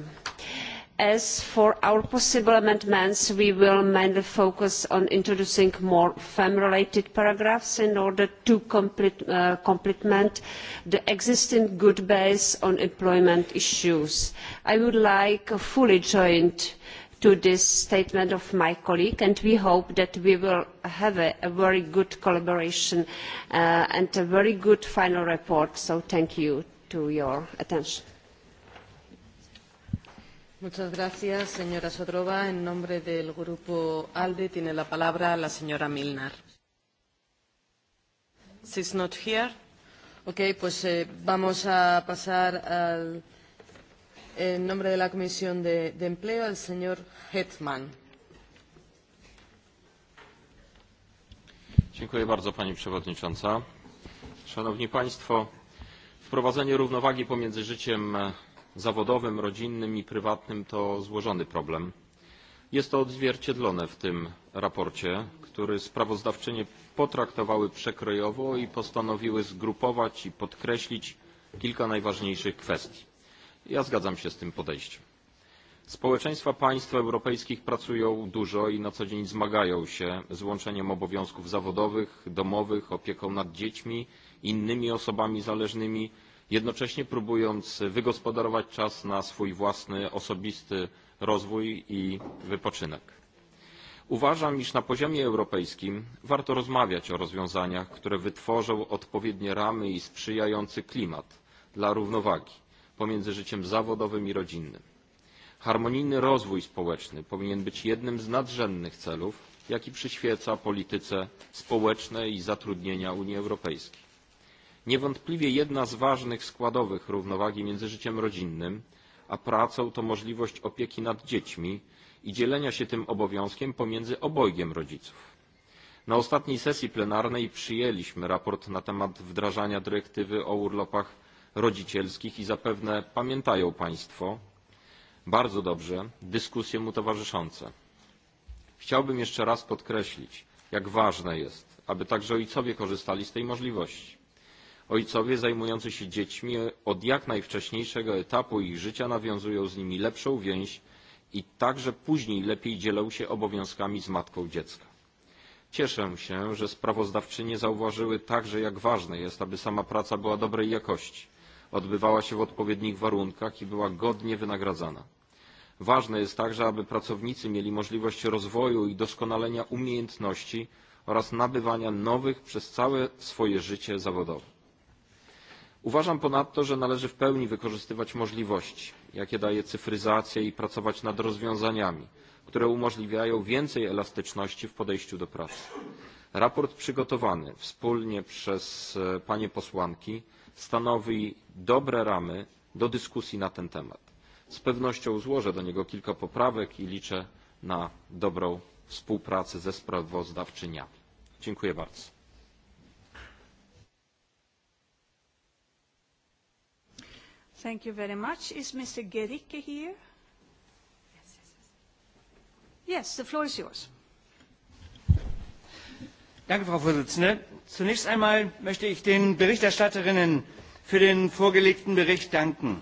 as for our possible amendments, we will mainly focus on introducing more FEM-related paragraphs in order to complement the existing good base on employment issues. I would like fully joined to this statement of my colleague and we hope that we will have a very good collaboration and a very good final report. So thank you for your attention. Muchas gracias, señora Sodrova. En nombre del grupo ALDE tiene la palabra la señora Milnar. She's not here. Okay, pues eh, vamos a pasar al, en nombre de la Comisión de, de Empleo al señor Hetman. Dziękuję bardzo Pani Przewodnicząca. Szanowni Państwo, wprowadzenie równowagi pomiędzy życiem zawodowym, rodzinnym i prywatnym to złożony problem. Jest to odzwierciedlone w tym raporcie, który sprawozdawczynie potraktowały przekrojowo i postanowiły zgrupować i podkreślić kilka najważniejszych kwestii. Ja zgadzam się z tym podejściem. Społeczeństwa państw europejskich pracują dużo i na co dzień zmagają się z łączeniem obowiązków zawodowych, domowych, opieką nad dziećmi, innymi osobami zależnymi, jednocześnie próbując wygospodarować czas na swój własny, osobisty rozwój i wypoczynek. Uważam, iż na poziomie europejskim warto rozmawiać o rozwiązaniach, które wytworzą odpowiednie ramy i sprzyjający klimat dla równowagi pomiędzy życiem zawodowym i rodzinnym. Harmonijny rozwój społeczny powinien być jednym z nadrzędnych celów, jaki przyświeca polityce społecznej i zatrudnienia Unii Europejskiej. Niewątpliwie jedna z ważnych składowych równowagi między życiem rodzinnym a pracą to możliwość opieki nad dziećmi i dzielenia się tym obowiązkiem pomiędzy obojgiem rodziców. Na ostatniej sesji plenarnej przyjęliśmy raport na temat wdrażania dyrektywy o urlopach rodzicielskich i zapewne pamiętają Państwo bardzo dobrze dyskusje mu towarzyszące. Chciałbym jeszcze raz podkreślić, jak ważne jest, aby także ojcowie korzystali z tej możliwości Ojcowie zajmujący się dziećmi od jak najwcześniejszego etapu ich życia nawiązują z nimi lepszą więź i także później lepiej dzielą się obowiązkami z matką dziecka. Cieszę się, że sprawozdawczynie zauważyły także, jak ważne jest, aby sama praca była dobrej jakości, odbywała się w odpowiednich warunkach i była godnie wynagradzana. Ważne jest także, aby pracownicy mieli możliwość rozwoju i doskonalenia umiejętności oraz nabywania nowych przez całe swoje życie zawodowe. Uważam ponadto, że należy w pełni wykorzystywać możliwości, jakie daje cyfryzacja i pracować nad rozwiązaniami, które umożliwiają więcej elastyczności w podejściu do pracy. Raport przygotowany wspólnie przez panie posłanki stanowi dobre ramy do dyskusji na ten temat. Z pewnością złożę do niego kilka poprawek i liczę na dobrą współpracę ze sprawozdawczyniami. Dziękuję bardzo. Thank you very much. Is Mr. Gericke here? Yes, the floor is yours. Danke, Frau Vorsitzende. Zunächst einmal möchte ich den Berichterstatterinnen für den vorgelegten Bericht danken.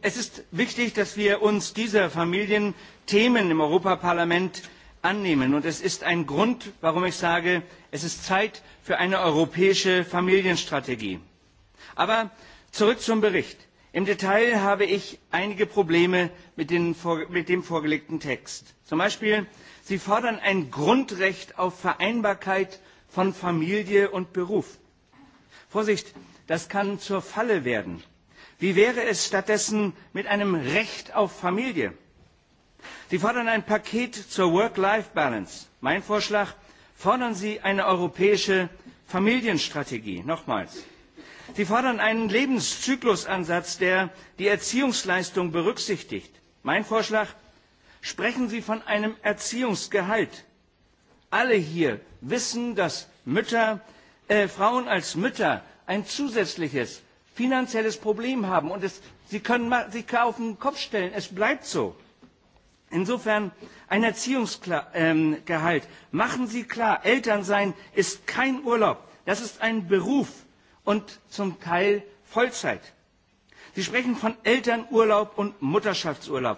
Es ist wichtig, dass wir uns dieser Familienthemen im Europaparlament annehmen. Und es ist ein Grund, warum ich sage, es ist Zeit für eine europäische Familienstrategie. Aber zurück zum bericht im detail habe ich einige probleme mit dem vorgelegten text zum beispiel sie fordern ein grundrecht auf vereinbarkeit von familie und beruf. vorsicht das kann zur falle werden. wie wäre es stattdessen mit einem recht auf familie? sie fordern ein paket zur work life balance. mein vorschlag fordern sie eine europäische familienstrategie nochmals Sie fordern einen Lebenszyklusansatz, der die Erziehungsleistung berücksichtigt. Mein Vorschlag, sprechen Sie von einem Erziehungsgehalt. Alle hier wissen, dass Frauen als Mütter ein zusätzliches finanzielles Problem haben und sie können sich auf den Kopf stellen. Es bleibt so. Insofern ein Erziehungsgehalt. Machen Sie klar, Elternsein ist kein Urlaub. Das ist ein Beruf und zum Teil Vollzeit. Sie sprechen von Elternurlaub und Mutterschaftsurlaub.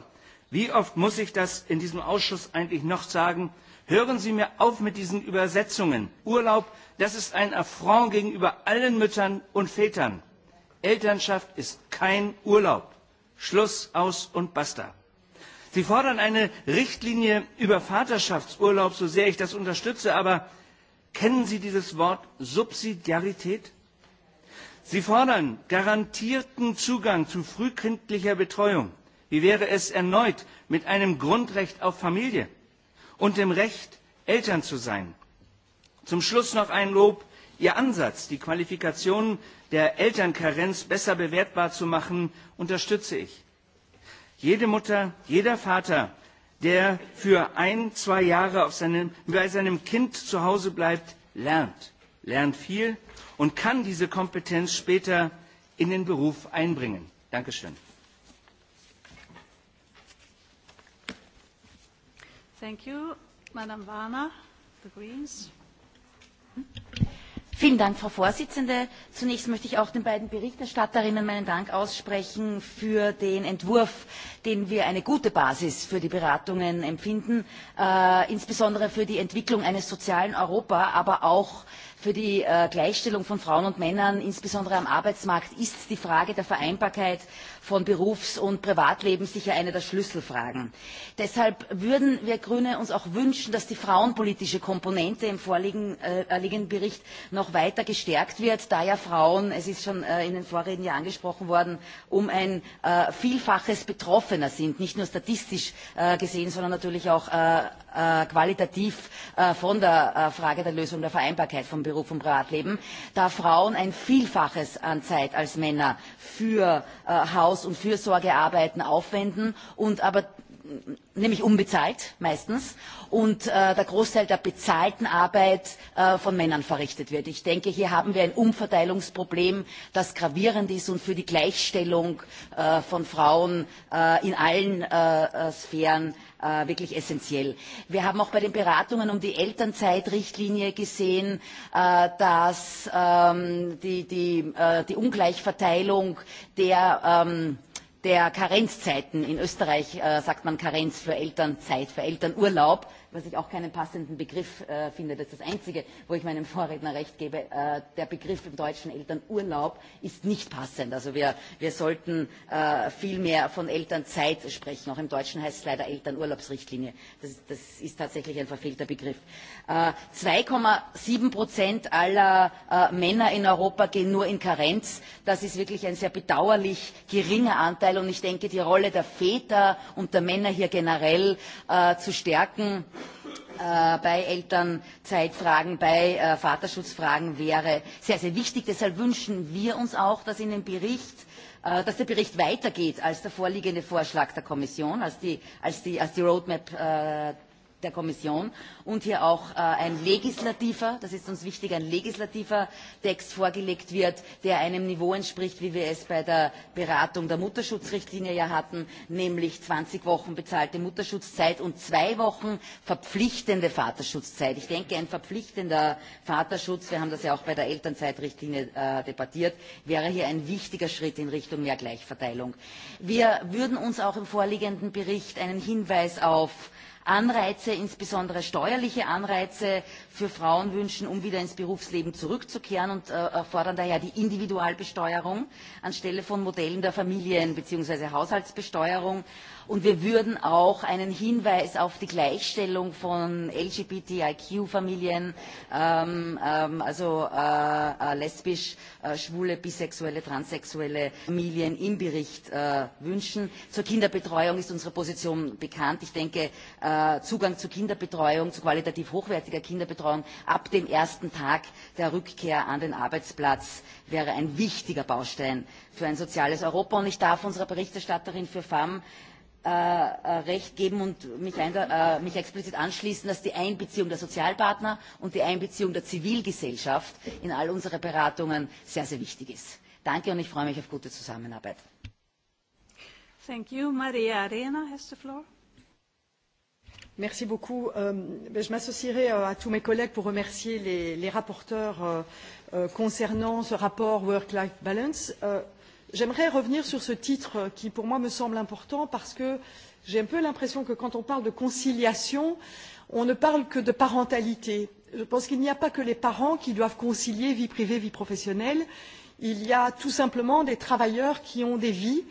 Wie oft muss ich das in diesem Ausschuss eigentlich noch sagen? Hören Sie mir auf mit diesen Übersetzungen. Urlaub, das ist ein Affront gegenüber allen Müttern und Vätern. Elternschaft ist kein Urlaub. Schluss aus und basta. Sie fordern eine Richtlinie über Vaterschaftsurlaub, so sehr ich das unterstütze, aber kennen Sie dieses Wort Subsidiarität? sie fordern garantierten zugang zu frühkindlicher betreuung wie wäre es erneut mit einem grundrecht auf familie und dem recht eltern zu sein? zum schluss noch ein lob ihr ansatz die qualifikationen der elternkarenz besser bewertbar zu machen unterstütze ich. jede mutter jeder vater der für ein zwei jahre bei seinem kind zu hause bleibt lernt lernt viel und kann diese Kompetenz später in den Beruf einbringen. Dankeschön. Thank you. Madame Warner, the Greens. Vielen Dank, Frau Vorsitzende. Zunächst möchte ich auch den beiden Berichterstatterinnen meinen Dank aussprechen für den Entwurf, den wir eine gute Basis für die Beratungen empfinden, insbesondere für die Entwicklung eines sozialen Europa, aber auch äh, für die Gleichstellung von Frauen und Männern, insbesondere am Arbeitsmarkt, ist die Frage der Vereinbarkeit von Berufs- und Privatleben sicher eine der Schlüsselfragen. Deshalb würden wir Grüne uns auch wünschen, dass die frauenpolitische Komponente im vorliegenden Bericht noch weiter gestärkt wird, da ja Frauen, es ist schon in den Vorreden angesprochen worden, um ein Vielfaches betroffener sind, nicht nur statistisch gesehen, sondern natürlich auch qualitativ von der Frage der Lösung der Vereinbarkeit von Beruf und Privatleben, da Frauen ein Vielfaches an Zeit als Männer für Haus- und Fürsorgearbeiten aufwenden und aber nämlich unbezahlt meistens und der Großteil der bezahlten Arbeit von Männern verrichtet wird. Ich denke, hier haben wir ein Umverteilungsproblem, das gravierend ist und für die Gleichstellung von Frauen in allen Sphären wirklich essentiell. Wir haben auch bei den Beratungen um die Elternzeitrichtlinie gesehen, dass die Ungleichverteilung der der Karenzzeiten in Österreich sagt man Karenz für Elternzeit, für Elternurlaub was ich auch keinen passenden Begriff äh, finde. Das ist das Einzige, wo ich meinem Vorredner recht gebe. Äh, der Begriff im deutschen Elternurlaub ist nicht passend. Also wir, wir sollten äh, viel mehr von Elternzeit sprechen. Auch im Deutschen heißt es leider Elternurlaubsrichtlinie. Das, das ist tatsächlich ein verfehlter Begriff. Äh, 2,7 Prozent aller äh, Männer in Europa gehen nur in Karenz. Das ist wirklich ein sehr bedauerlich geringer Anteil. Und ich denke, die Rolle der Väter und der Männer hier generell äh, zu stärken, bei Elternzeitfragen, bei Vaterschutzfragen wäre sehr, sehr wichtig. Deshalb wünschen wir uns auch, dass in dem Bericht dass der Bericht weitergeht als der vorliegende Vorschlag der Kommission, als die, Roadmap der Kommission und hier auch ein legislativer, das ist uns wichtig, ein legislativer Text vorgelegt wird, der einem Niveau entspricht, wie wir es bei der Beratung der Mutterschutzrichtlinie ja hatten, nämlich zwanzig Wochen bezahlte Mutterschutzzeit und zwei Wochen verpflichtende Vaterschutzzeit. Ich denke, ein verpflichtender Vaterschutz, wir haben das ja auch bei der Elternzeitrichtlinie debattiert, wäre hier ein wichtiger Schritt in Richtung mehr Gleichverteilung. Wir würden uns auch im vorliegenden Bericht einen Hinweis auf Anreize, insbesondere steuerliche Anreize für Frauen wünschen, um wieder ins Berufsleben zurückzukehren und fordern daher die Individualbesteuerung anstelle von Modellen der Familien- bzw. Haushaltsbesteuerung Und wir würden auch einen Hinweis auf die Gleichstellung von LGBTIQ-Familien, ähm, ähm, also äh, äh, lesbisch, äh, schwule, bisexuelle, transsexuelle Familien im Bericht äh, wünschen. Zur Kinderbetreuung ist unsere Position bekannt. Ich denke, äh, Zugang zu Kinderbetreuung, zu qualitativ hochwertiger Kinderbetreuung ab dem ersten Tag der Rückkehr an den Arbeitsplatz wäre ein wichtiger Baustein für ein soziales Europa. Und ich darf unserer Berichterstatterin für FAM Recht geben und mich, explizit anschließen, dass die Einbeziehung der Sozialpartner und die Einbeziehung der Zivilgesellschaft in all unsere Beratungen sehr, sehr wichtig ist. Danke und ich freue mich auf gute Zusammenarbeit. Merci beaucoup. je m'associerai à tous mes collègues pour remercier les, rapporteurs concernant ce rapport Work-Life Balance. J'aimerais revenir sur ce titre qui, pour moi, me semble important parce que j'ai un peu l'impression que quand on parle de conciliation, on ne parle que de parentalité. Je pense qu'il n'y a pas que les parents qui doivent concilier vie privée, vie professionnelle. Il y a tout simplement des travailleurs qui ont des vies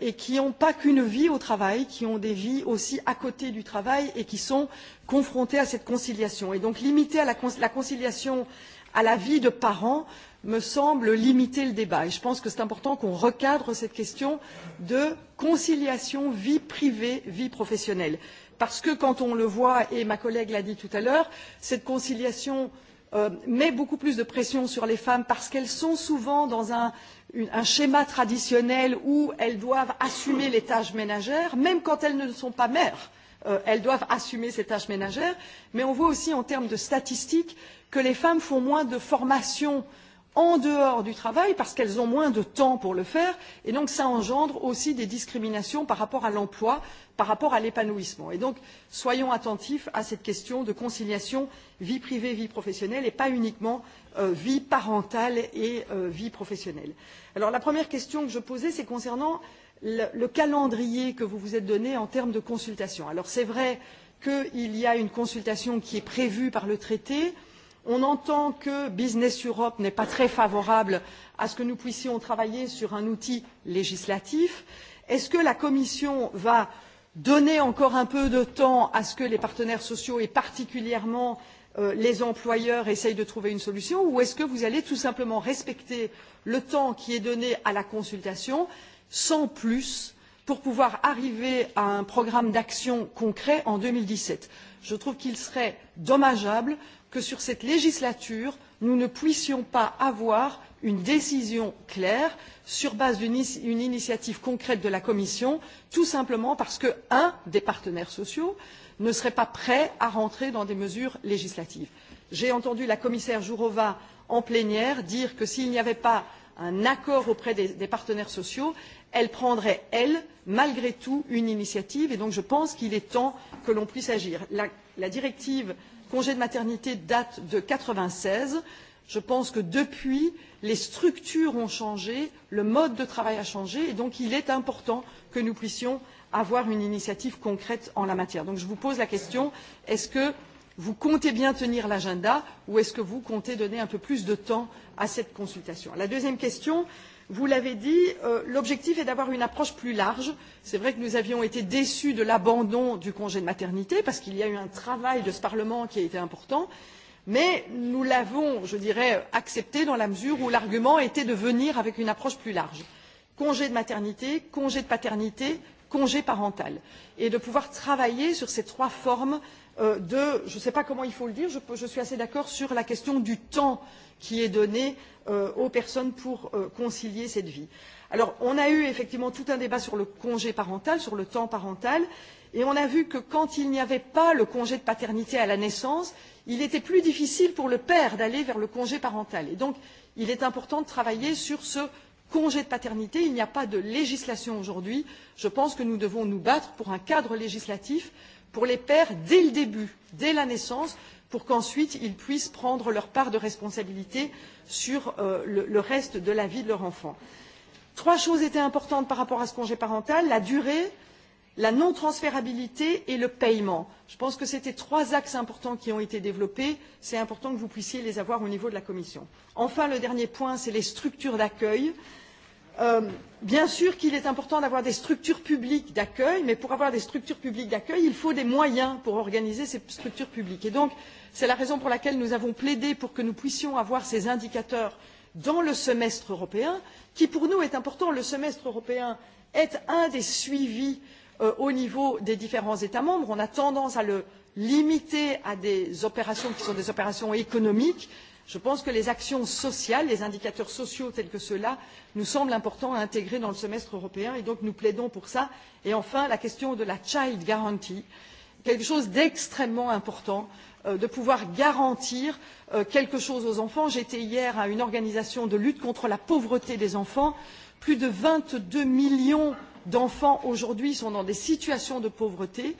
et qui n'ont pas qu'une vie au travail, qui ont des vies aussi à côté du travail et qui sont confrontés à cette conciliation. Et donc limiter la conciliation à la vie de parents me semble limiter le débat. Et je pense que c'est important qu'on recadre cette question de conciliation vie privée, vie professionnelle. Parce que quand on le voit, et ma collègue l'a dit tout à l'heure, cette conciliation met beaucoup plus de pression sur les femmes parce qu'elles sont souvent dans un, schéma traditionnel où elles doivent assumer les tâches ménagères, même quand elles ne sont pas mères. elles doivent assumer ces tâches ménagères, mais on voit aussi en termes de statistiques que les femmes font moins de formations euh, en dehors du travail parce qu'elles ont moins de temps pour le faire et donc cela engendre aussi des discriminations par rapport à l'emploi, par rapport à l'épanouissement. Et donc soyons attentifs à cette question de conciliation vie privée vie professionnelle et pas uniquement vie parentale et vie professionnelle. Alors la première question que je posais c'est concernant le, calendrier que vous vous êtes donné en termes de consultation. Alors c'est vrai qu'il y a une consultation qui est prévue par le traité euh, On entend que Business Europe n'est pas très favorable à ce que nous puissions travailler sur un outil législatif. Est-ce que la Commission va donner encore un peu de temps à ce que les partenaires sociaux et particulièrement les employeurs essayent de trouver une solution ou est-ce que vous allez tout simplement respecter le temps qui est donné à la consultation sans plus pour pouvoir arriver à un programme d'action concret en deux mille dix sept je trouve qu'il serait dommageable que sur cette législature nous ne puissions pas avoir une décision claire sur la base d'une initiative concrète de la commission tout simplement parce qu'un des partenaires sociaux ne serait pas prêt à entrer dans des mesures législatives. j'ai entendu la commissaire jourov en plénière dire que s'il n'y avait pas un accord auprès des partenaires sociaux elle prendrait elle malgré tout une initiative et donc je pense qu'il est temps que l'on puisse agir. la directive sur congé de maternité date de quatre vingt seize je pense que depuis les structures ont changé le mode de travail a changé et donc il est important que nous puissions avoir une initiative concrète en la matière. je vous pose la question est ce que vous comptez bien tenir l'agenda ou est ce que vous comptez donner un peu plus de temps à cette consultation? la deuxième question est Vous l'avez dit, l'objectif est d'avoir une approche plus large. C'est vrai que nous avions été déçus de l'abandon du congé de maternité parce qu'il y a eu un travail de ce Parlement qui a été important, mais nous l'avons, je dirais, accepté dans la mesure où l'argument était de venir avec une approche plus large. Congé de maternité, congé de paternité, congé parental et de pouvoir travailler sur ces trois formes de je ne sais pas comment il faut le dire je, suis assez d'accord sur la question du temps qui est donnée aux personnes pour concilier cette vie. Alors, on a eu effectivement tout un débat sur le congé parental, sur le temps parental, et on a vu que quand il n'y avait pas le congé de paternité à la naissance, il était plus difficile pour le père d'aller vers le congé parental. Et donc, il est important de travailler sur ce congé de paternité. Il n'y a pas de législation aujourd'hui. Je pense que nous devons nous battre pour un cadre législatif pour les pères dès le début, dès la naissance, pour qu'ensuite ils puissent prendre leur part de responsabilité sur le, reste de la vie de leur enfant. Trois choses étaient importantes par rapport à ce congé parental la durée, la non transférabilité et le paiement. Je pense que c'était trois axes importants qui ont été développés. C'est important que vous puissiez les avoir au niveau de la Commission. Enfin, le dernier point, c'est les structures d'accueil. Euh, bien sûr qu'il est important d'avoir des structures publiques d'accueil mais pour avoir des structures publiques d'accueil il faut des moyens pour organiser ces structures publiques et donc c'est la raison pour laquelle nous avons plaidé pour que nous puissions avoir ces indicateurs dans le semestre européen qui pour nous est important le semestre européen est un des suivis au niveau des différents états membres on a tendance à le limiter à des opérations qui sont des opérations économiques mais Je pense que les actions sociales, les indicateurs sociaux tels que ceux-là, nous semblent importants à intégrer dans le semestre européen et donc nous plaidons pour cela. Et enfin, la question de la child guarantee, quelque chose d'extrêmement important de pouvoir garantir quelque chose aux enfants. J'étais hier à une organisation de lutte contre la pauvreté des enfants. Plus de vingt deux millions d'enfants aujourd'hui sont dans des situations de pauvreté.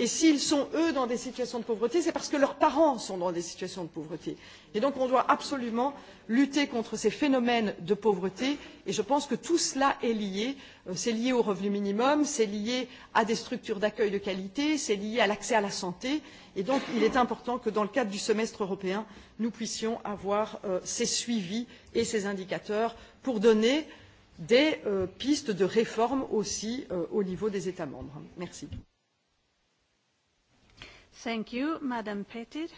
Et s'ils sont, eux, dans des situations de pauvreté, c'est parce que leurs parents sont dans des situations de pauvreté. Et donc, on doit absolument lutter contre ces phénomènes de pauvreté. Et je pense que tout cela est lié. C'est lié au revenu minimum, c'est lié à des structures d'accueil de qualité, c'est lié à l'accès à la santé. Et donc, il est important que dans le cadre du semestre européen, nous puissions avoir ces suivis et ces indicateurs pour donner des pistes de réforme aussi au niveau des États membres. Merci. Thank you. Madam Petir.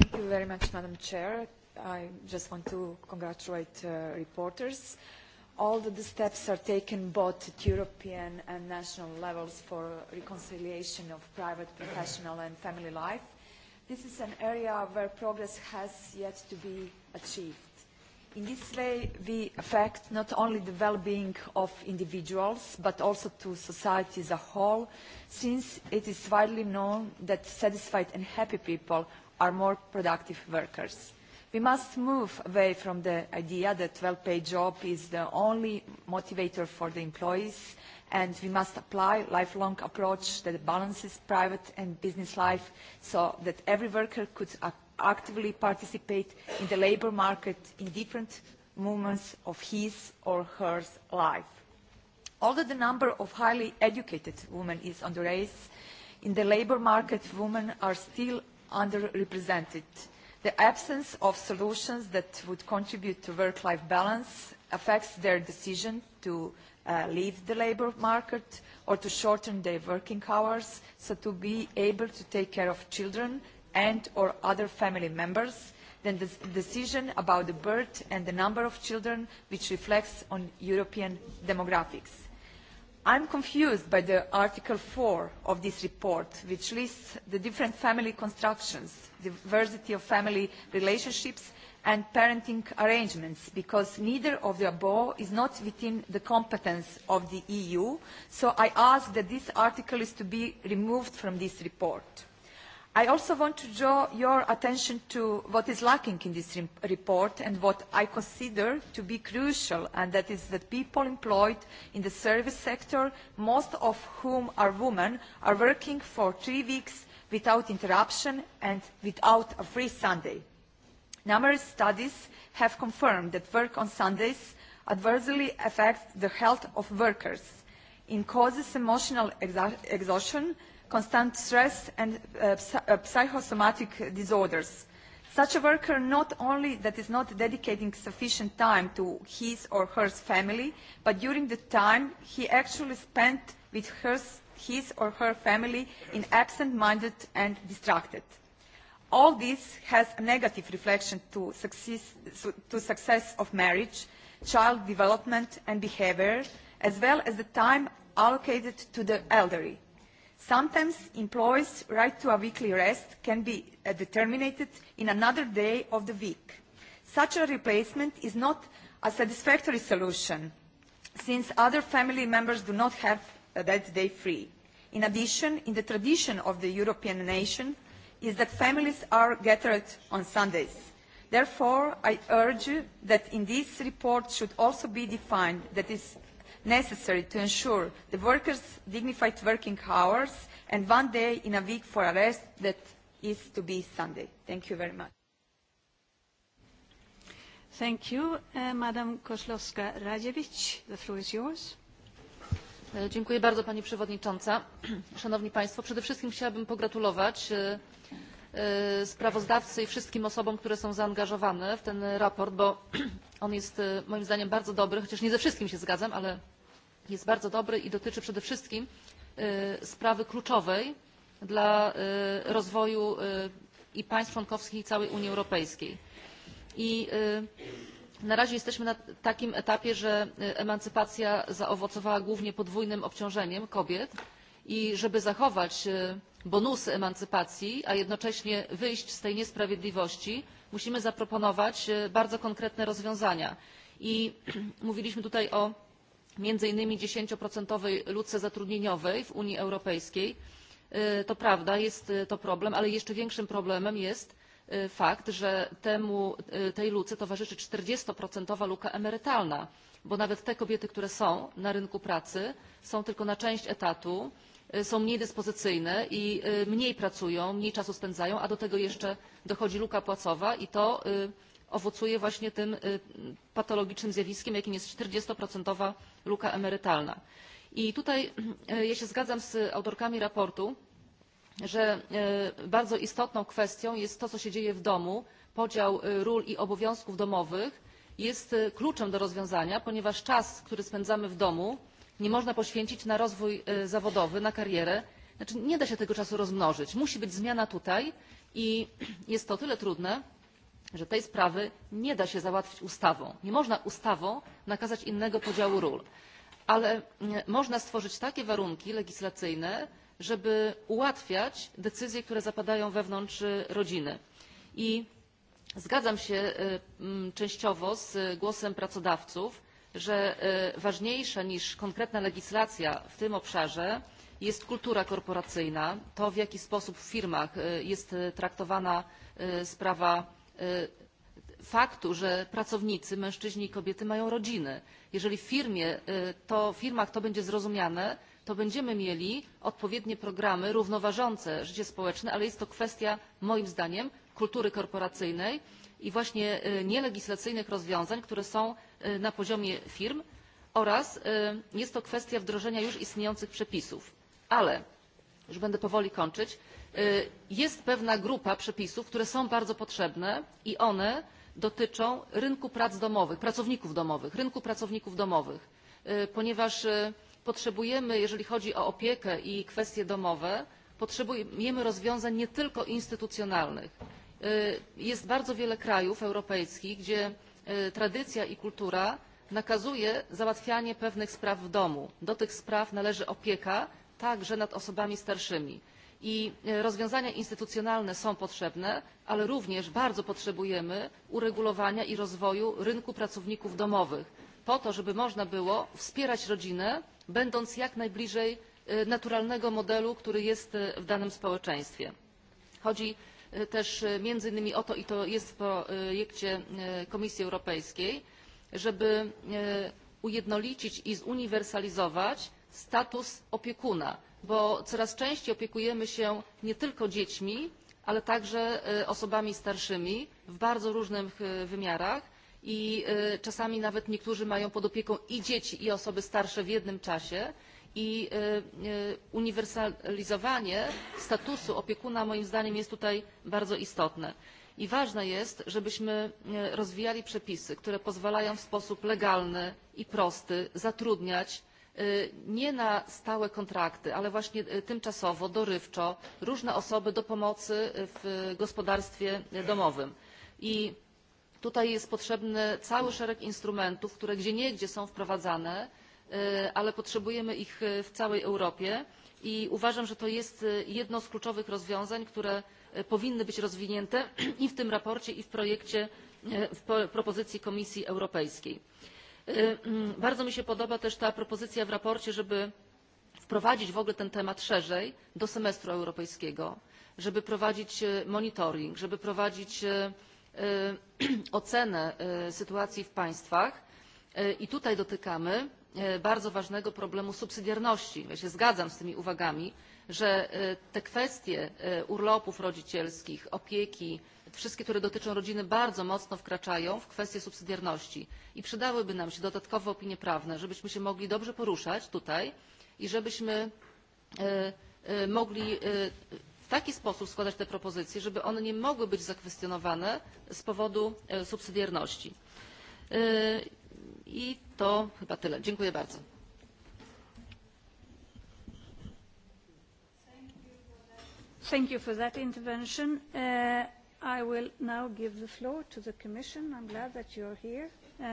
Thank you very much, Madam Chair. I just want to congratulate uh, reporters. All the steps are taken both at European and national levels for reconciliation of private, professional and family life. This is an area where progress has yet to be achieved In this way, we affect not only the well-being of individuals, but also to society as a whole, since it is widely known that satisfied and happy people are more productive workers. We must move away from the idea that well-paid job is the only motivator for the employees, and we must apply a lifelong approach that balances private and business life so that every worker could actively participate in the labour market in different moments of his or her life. Although the number of highly educated women is on the rise, in the labour market women are still underrepresented. The absence of solutions that would contribute to work-life balance affects their decision to uh, leave the labour market or to shorten their working hours, so to be able to take care of children and or other family members than the decision about the birth and the number of children which reflects on European demographics. I am confused by the Article four of this report, which lists the different family constructions, diversity of family relationships and parenting arrangements, because neither of the above is not within the competence of the EU, so I ask that this article is to be removed from this report I also want to draw your attention to what is lacking in this report and what I consider to be crucial, and that is that people employed in the service sector, most of whom are women, are working for three weeks without interruption and without a free Sunday. Numerous studies have confirmed that work on Sundays adversely affects the health of workers. It causes emotional exhaustion, constant stress and uh, psychosomatic disorders. Such a worker not only that is not dedicating sufficient time to his or her family, but during the time he actually spent with hers, his or her family in absent-minded and distracted. All this has a negative reflection to success, to success of marriage, child development and behavior, as well as the time allocated to the elderly Sometimes employees' right to a weekly rest can be determined in another day of the week. Such a replacement is not a satisfactory solution since other family members do not have that day free. In addition, in the tradition of the European nation is that families are gathered on Sundays. Therefore, I urge that in this report should also be defined that is necessary to ensure the workers' dignified working hours and one day in a week for a rest that is to be Sunday. Thank you very much. Thank you. Uh, Madam Koslowska radziewicz the floor is yours. Dziękuję bardzo Pani Przewodnicząca. Szanowni Państwo, przede wszystkim chciałabym pogratulować sprawozdawcy i wszystkim osobom, które są zaangażowane w ten raport, bo on jest moim zdaniem bardzo dobry, chociaż nie ze wszystkim się zgadzam, ale jest bardzo dobry i dotyczy przede wszystkim sprawy kluczowej dla rozwoju i państw członkowskich i całej Unii Europejskiej. I na razie jesteśmy na takim etapie, że emancypacja zaowocowała głównie podwójnym obciążeniem kobiet i żeby zachować bonusy emancypacji, a jednocześnie wyjść z tej niesprawiedliwości, musimy zaproponować bardzo konkretne rozwiązania. I mówiliśmy tutaj o między innymi 10% luce zatrudnieniowej w Unii Europejskiej. To prawda, jest to problem, ale jeszcze większym problemem jest fakt, że temu, tej luce towarzyszy 40% luka emerytalna, bo nawet te kobiety, które są na rynku pracy, są tylko na część etatu, są mniej dyspozycyjne i mniej pracują, mniej czasu spędzają, a do tego jeszcze dochodzi luka płacowa i to owocuje właśnie tym patologicznym zjawiskiem, jakim jest 40% luka emerytalna. I tutaj ja się zgadzam z autorkami raportu, że bardzo istotną kwestią jest to, co się dzieje w domu. Podział ról i obowiązków domowych jest kluczem do rozwiązania, ponieważ czas, który spędzamy w domu, nie można poświęcić na rozwój zawodowy, na karierę. Znaczy nie da się tego czasu rozmnożyć. Musi być zmiana tutaj i jest to tyle trudne, że tej sprawy nie da się załatwić ustawą. Nie można ustawą nakazać innego podziału ról, ale można stworzyć takie warunki legislacyjne, żeby ułatwiać decyzje, które zapadają wewnątrz rodziny. I zgadzam się częściowo z głosem pracodawców, że ważniejsza niż konkretna legislacja w tym obszarze jest kultura korporacyjna, to w jaki sposób w firmach jest traktowana sprawa faktu, że pracownicy, mężczyźni i kobiety mają rodziny. Jeżeli w firmie to, w firmach to będzie zrozumiane, to będziemy mieli odpowiednie programy równoważące życie społeczne, ale jest to kwestia moim zdaniem kultury korporacyjnej i właśnie nielegislacyjnych rozwiązań, które są na poziomie firm oraz jest to kwestia wdrożenia już istniejących przepisów. Ale, już będę powoli kończyć, jest pewna grupa przepisów, które są bardzo potrzebne i one dotyczą rynku prac domowych, pracowników domowych, rynku pracowników domowych, ponieważ potrzebujemy, jeżeli chodzi o opiekę i kwestie domowe, potrzebujemy rozwiązań nie tylko instytucjonalnych. Jest bardzo wiele krajów europejskich, gdzie tradycja i kultura nakazuje załatwianie pewnych spraw w domu. Do tych spraw należy opieka także nad osobami starszymi i rozwiązania instytucjonalne są potrzebne ale również bardzo potrzebujemy uregulowania i rozwoju rynku pracowników domowych po to żeby można było wspierać rodzinę będąc jak najbliżej naturalnego modelu który jest w danym społeczeństwie. chodzi też między innymi o to i to jest w projekcie komisji europejskiej żeby ujednolicić i zuniwersalizować status opiekuna bo coraz częściej opiekujemy się nie tylko dziećmi, ale także osobami starszymi w bardzo różnych wymiarach i czasami nawet niektórzy mają pod opieką i dzieci, i osoby starsze w jednym czasie. I uniwersalizowanie statusu opiekuna moim zdaniem jest tutaj bardzo istotne. I ważne jest, żebyśmy rozwijali przepisy, które pozwalają w sposób legalny i prosty zatrudniać nie na stałe kontrakty, ale właśnie tymczasowo, dorywczo, różne osoby do pomocy w gospodarstwie domowym. I tutaj jest potrzebny cały szereg instrumentów, które gdzieniegdzie są wprowadzane, ale potrzebujemy ich w całej Europie i uważam, że to jest jedno z kluczowych rozwiązań, które powinny być rozwinięte i w tym raporcie, i w projekcie, w propozycji Komisji Europejskiej Bardzo mi się podoba też ta propozycja w raporcie, żeby wprowadzić w ogóle ten temat szerzej do semestru europejskiego, żeby prowadzić monitoring, żeby prowadzić ocenę sytuacji w państwach. I tutaj dotykamy bardzo ważnego problemu subsydiarności. Ja się zgadzam z tymi uwagami, że te kwestie urlopów rodzicielskich, opieki, wszystkie, które dotyczą rodziny, bardzo mocno wkraczają w kwestię subsydiarności i przydałyby nam się dodatkowe opinie prawne, żebyśmy się mogli dobrze poruszać tutaj i żebyśmy mogli w taki sposób składać te propozycje, żeby one nie mogły być zakwestionowane z powodu subsydiarności. I to chyba tyle. Dziękuję bardzo. Thank you for that intervention. Uh, I will now give the floor to the Commission. I'm glad that you're here. Uh,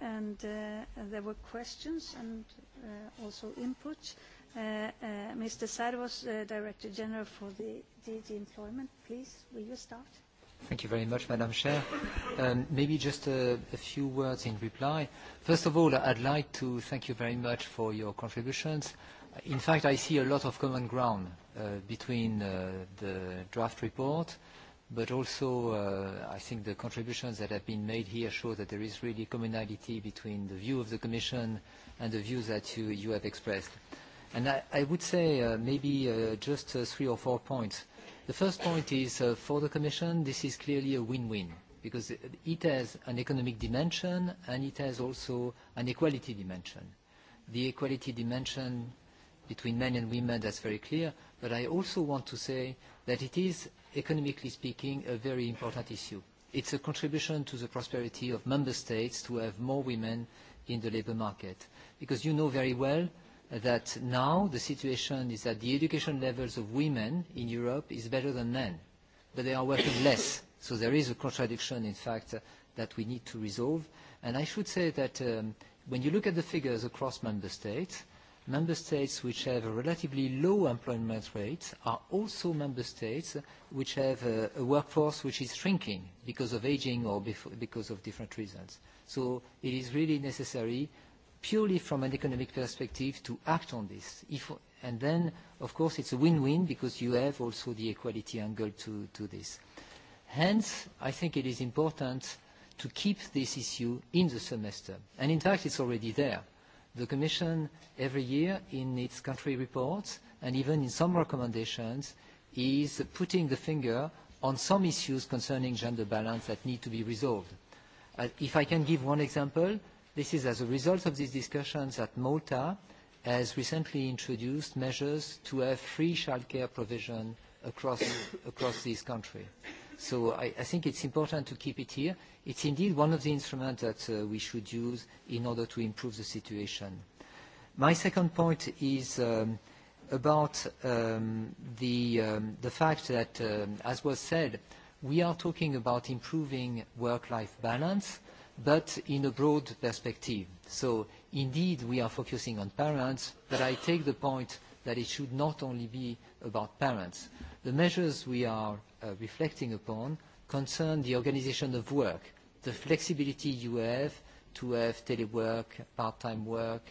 and uh, there were questions and uh, also input. Uh, uh, Mr. Sarvos, uh, Director General for the DG Employment, please, will you start? Thank you very much, Madam Chair. Um, maybe just a, a few words in reply. First of all, I'd like to thank you very much for your contributions. In fact, I see a lot of common ground uh, between uh, the draft report But also, I think the contributions that have been made here show that there is really commonality between the view of the Commission and the views that you, you have expressed. And I, I would say uh, maybe uh, just uh, three or four points. The first point is uh, for the Commission, this is clearly a win-win because it has an economic dimension and it has also an equality dimension. The equality dimension between men and women, that's very clear, but I also want to say that it is economically speaking, a very important issue. It's a contribution to the prosperity of member states to have more women in the labour market. Because you know very well that now the situation is that the education levels of women in Europe is better than men, but they are working less. So there is a contradiction, in fact, that we need to resolve. And I should say that um, when you look at the figures across member states, uh, Member states which have a relatively low employment rates are also member states which have a, a workforce which is shrinking because of aging or because of different reasons. So it is really necessary, purely from an economic perspective, to act on this. If, and then, of course, it's a win-win because you have also the equality angle to, to this. Hence, I think it is important to keep this issue in the semester. And in fact, it's already there The Commission, every year in its country reports and even in some recommendations, is putting the finger on some issues concerning gender balance that need to be resolved. If I can give one example, this is as a result of these discussions that Malta has recently introduced measures to have free childcare provision across this country. So I, I think it's important to keep it here. It's indeed one of the instruments that uh, we should use in order to improve the situation. My second point is um, about um, the, um, the fact that, um, as was said, we are talking about improving work-life balance, but in a broad perspective. So indeed, we are focusing on parents, but I take the point that it should not only be about parents. The measures we are reflecting upon concern the organisation of work, the flexibility you have to have telework, part-time work,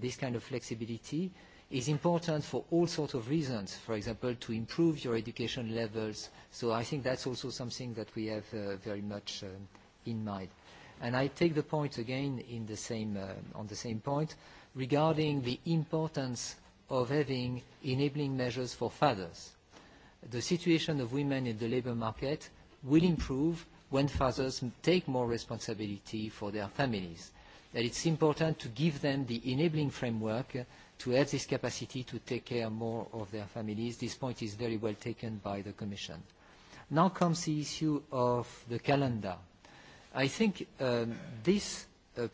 this kind of flexibility is important for all sorts of reasons, for example, to improve your education levels. So I think that's also something that we have uh, very much um, in mind. And I take the point again in the same, uh, on the same point regarding the importance of having enabling measures for fathers the situation of women in the labour market will improve when fathers take more responsibility for their families. That it's important to give them the enabling framework to have this capacity to take care more of their families. This point is very well taken by the Commission. Now comes the issue of the calendar. I think this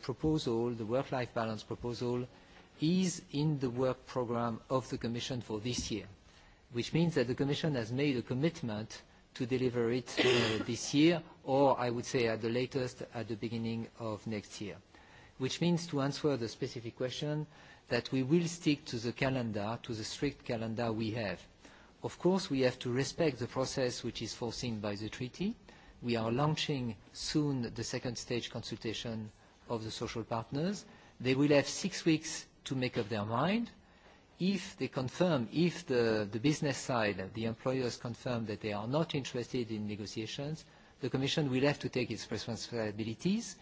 proposal, the work-life balance proposal, is in the work programme of the Commission for this year which means that the Commission has made a commitment to deliver it this year, or I would say at the latest, at the beginning of next year. Which means, to answer the specific question, that we will stick to the calendar, to the strict calendar we have. Of course, we have to respect the process which is foreseen by the treaty. We are launching soon the second stage consultation of the social partners. They will have six weeks to make up their mind if they confirm, if the, the business side, the employers confirm that they are not interested in negotiations, the Commission will have to take its responsibilities,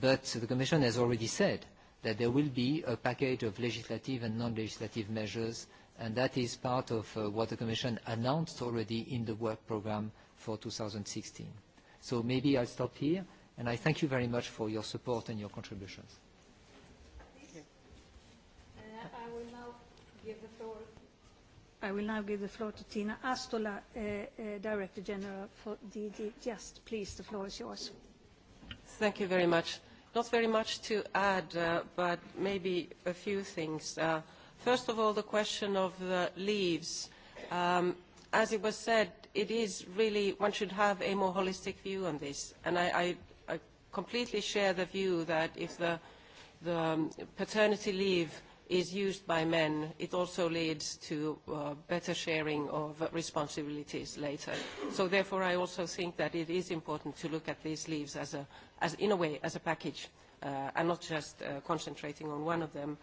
but the Commission has already said that there will be a package of legislative and non-legislative measures, and that is part of uh, what the Commission announced already in the work programme for 2016. So maybe I'll stop here, and I thank you very much for your support and your contributions. I will now give the floor to Tina Astola, Director General for DG JUST. Please, the floor is yours. Thank you very much. Not very much to add, but maybe a few things. First of all, the question of the leaves. As it was said, it is really one should have a more holistic view on this. And I I completely share the view that if the the paternity leave is used by men, it also leads to uh, better sharing of responsibilities later. So therefore, I also think that it is important to look at these leaves as a, as, in a way, as a package, uh, and not just uh, concentrating on one of them.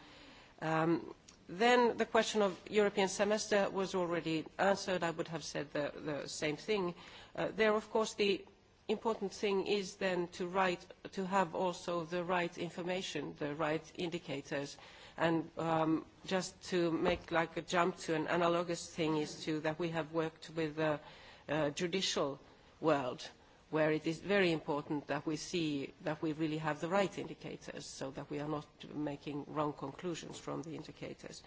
Um, then the question of European semester was already answered. I would have said the, the same thing. Uh, there, of course, the important thing is then to, write, to have also the right information, the right indicators, uh, And um, just to make like a jump to an analogous thing is to that we have worked with the uh, judicial world where it is very important that we see that we really have the right indicators so that we are not making wrong conclusions from the indicators.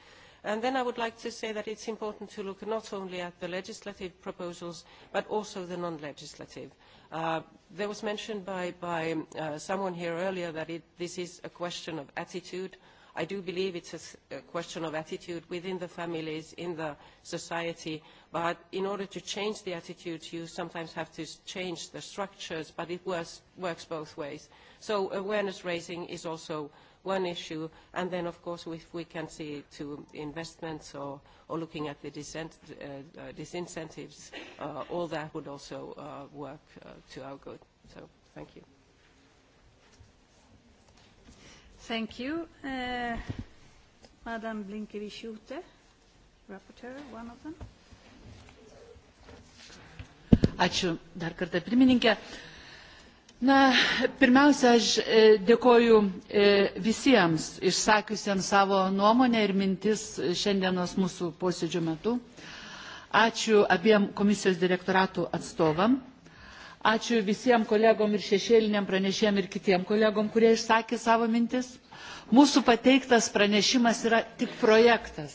And then I would like to say that it's important to look not only at the legislative proposals but also the non-legislative. Uh, there was mentioned by, by uh, someone here earlier that it, this is a question of attitude, uh, I do believe it's a question of attitude within the families, in the society, but in order to change the attitudes, you sometimes have to change the structures, but it works, works both ways. So awareness raising is also one issue, and then, of course, if we can see to investments or, or looking at the dissent, uh, uh, disincentives, uh, all that would also uh, work uh, to our good. So thank you. Thank you. Madam rapporteur, one of them. Ačiū dar kartą pirmininkė. Na, pirmiausia, aš dėkoju visiems išsakiusiems savo nuomonę ir mintis šiandienos mūsų posėdžio metu. Ačiū abiem komisijos direktoratų atstovam Ačiū visiems kolegom ir šešėliniam pranešėjam ir kitiem kolegom, kurie išsakė savo mintis. Mūsų pateiktas pranešimas yra tik projektas.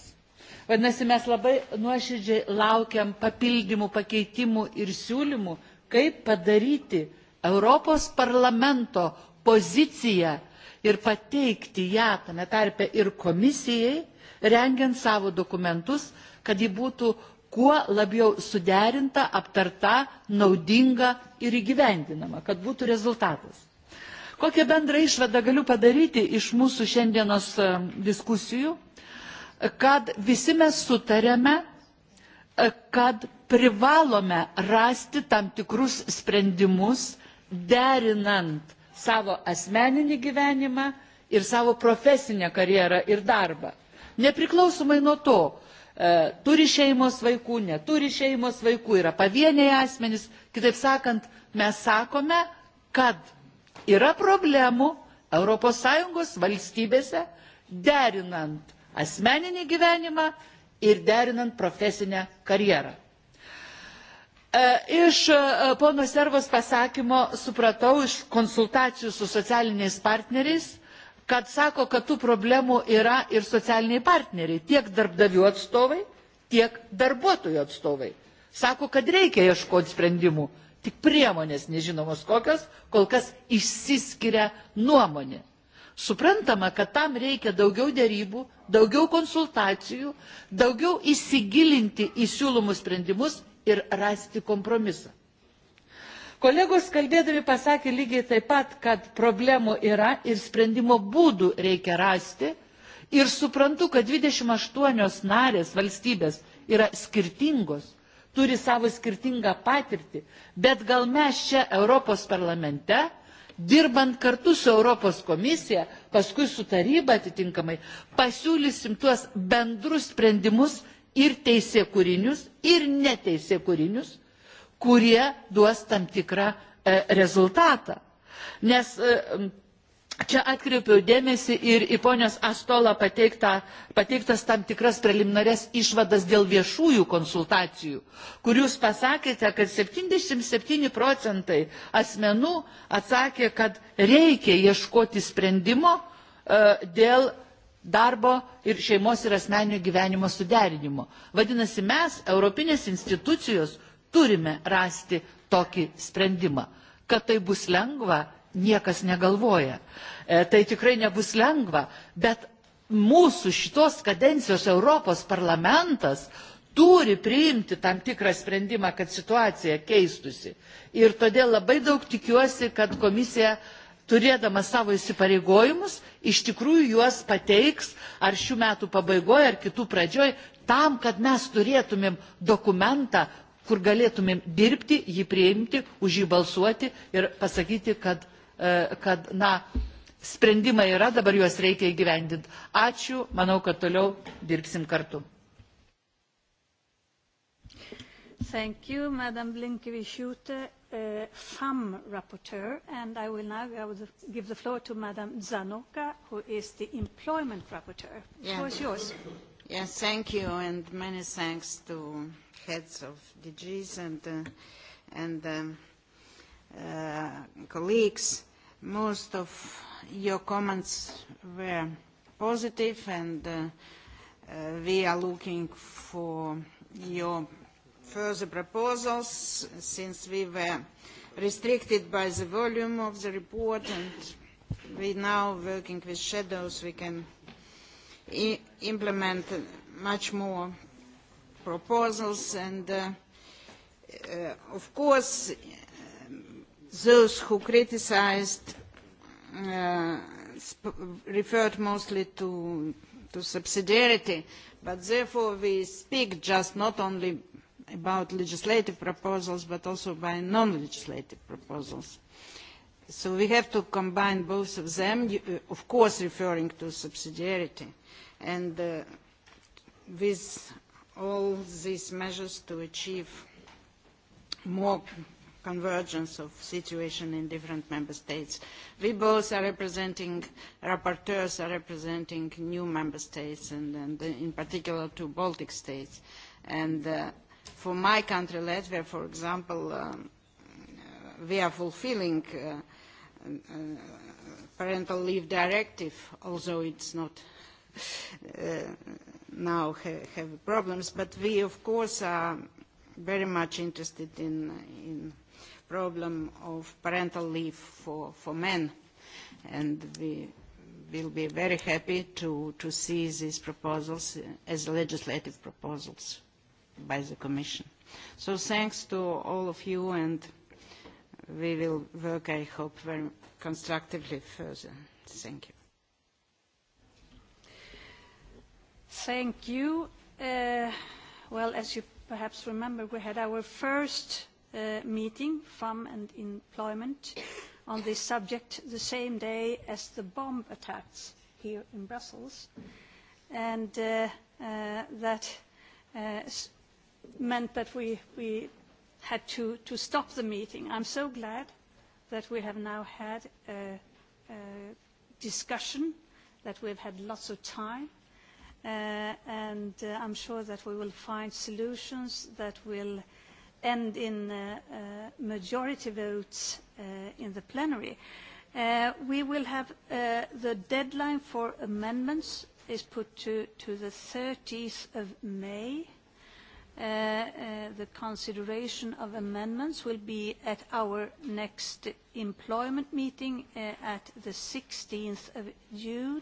Vadinasi, mes labai nuoširdžiai laukiam papildymų, pakeitimų ir siūlymų, kaip padaryti Europos parlamento poziciją ir pateikti ją tame tarpe ir komisijai, rengiant savo dokumentus, kad ji būtų kuo labiau suderinta, aptarta, naudinga ir įgyvendinama, kad būtų rezultatas. Kokią bendrą išvadą galiu padaryti iš mūsų šiandienos diskusijų, kad visi mes sutarėme, kad privalome rasti tam tikrus sprendimus, derinant savo asmeninį gyvenimą ir savo profesinę karjerą ir darbą. Nepriklausomai nuo to, turi šeimos vaikų, neturi šeimos vaikų, yra pavieniai asmenys. Kitaip sakant, mes sakome, kad yra problemų ES valstybėse derinant asmeninį gyvenimą ir derinant profesinę karjerą. Iš pono Servos pasakymo supratau, iš konsultacijų su socialiniais partneriais, kad sako, kad tų problemų yra ir socialiniai partneriai, tiek darbdavių atstovai, tiek darbuotojų atstovai. Sako, kad reikia ieškoti sprendimų, tik priemonės nežinomos kokios, kol kas išsiskiria nuomonė. Suprantama, kad tam reikia daugiau dėrybų, daugiau konsultacijų, daugiau įsigilinti į siūlomus sprendimus ir rasti kompromisą. Kolegos kalbėdami pasakė lygiai taip pat, kad problemų yra ir sprendimo būdų reikia rasti. Ir suprantu, kad 28 narės valstybės yra skirtingos, turi savo skirtingą patirtį, bet gal mes čia Europos parlamente dirbant kartu su Europos komisija, paskui su taryba atitinkamai, pasiūlysim tuos bendrus sprendimus ir teisėkūrinius, ir neteisėkūrinius, kurie duos tam tikrą rezultatą. Nes Čia atkreipiau dėmesį ir į ponios Astola pateiktas tam tikras preliminarias išvadas dėl viešųjų konsultacijų, kur jūs pasakėte, kad 77 procentai asmenų atsakė, kad reikia ieškoti sprendimo dėl darbo ir šeimos ir asmeninio gyvenimo suderinimo. Vadinasi, mes, Europinės institucijos, turime rasti tokį sprendimą. Kad tai bus lengva, niekas negalvoja. Tai tikrai nebus lengva, bet mūsų šitos kadencijos Europos parlamentas turi priimti tam tikrą sprendimą, kad situacija keistusi. Ir todėl labai daug tikiuosi, kad komisija turėdama savo įsipareigojimus, iš tikrųjų juos pateiks ar šių metų pabaigoje, ar kitų pradžioj, tam, kad mes turėtumėm dokumentą, kur galėtumėm dirbti, jį priimti, už jį balsuoti ir pasakyti, kad, kad na, sprendimai yra, dabar juos reikia įgyvendinti. Ačiū, manau, kad toliau dirbsim kartu. Thank you, Madam uh, FAM rapporteur, and I will now give the floor to Madam Zanoka, who is the employment rapporteur. The floor is yours. Yes, thank you, and many thanks to heads of DGs and, and um, uh, colleagues. Most of your comments were positive and uh, uh, we are looking for your further proposals since we were restricted by the volume of the report and we now working with shadows we can implement much more proposals and of course those who criticised referred mostly to subsidiarity but therefore we speak just not only about legislative proposals but also by non-legislative proposals. So we have to combine both of them, of course referring to subsidiarity. And with all these measures to achieve more convergence of situation in different member states. We both are representing, rapporteurs are representing new member states and, and in particular two Baltic states. And uh, for my country, Latvia, for example, um, we are fulfilling uh, uh, parental leave directive, although it's not uh, now ha have problems. But we, of course, are very much interested in in problem of parental leave for for men, and we will be very happy to to see these proposals as legislative proposals by the Commission. So thanks to all of you, and we will work, I hope, very constructively further. Thank you. Thank you. Well, as you perhaps remember, we had our first meeting, FAM and Employment, on this subject the same day as the bomb attacks here in Brussels. And that meant that we, we had to, to stop the meeting. I'm so glad that we have now had a, a discussion, that we've had lots of time and uh, I'm sure that we will find solutions that will end in uh, uh, majority votes uh, in the plenary. Uh, we will have uh, the deadline for amendments is put to, to the 30th of May. Uh, uh, the consideration of amendments will be at our next employment meeting uh, at the 16th of June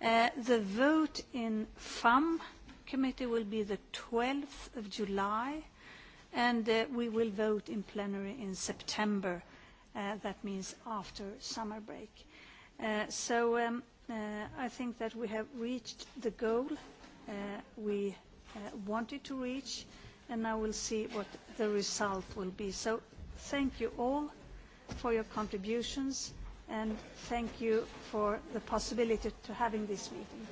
The vote in FAM committee will be the 12th of July, and we will vote in plenary in September. That means after summer break. So I think that we have reached the goal we wanted to reach, and now we'll see what the result will be. So thank you all for your contributions and thank you for the possibility of having this meeting.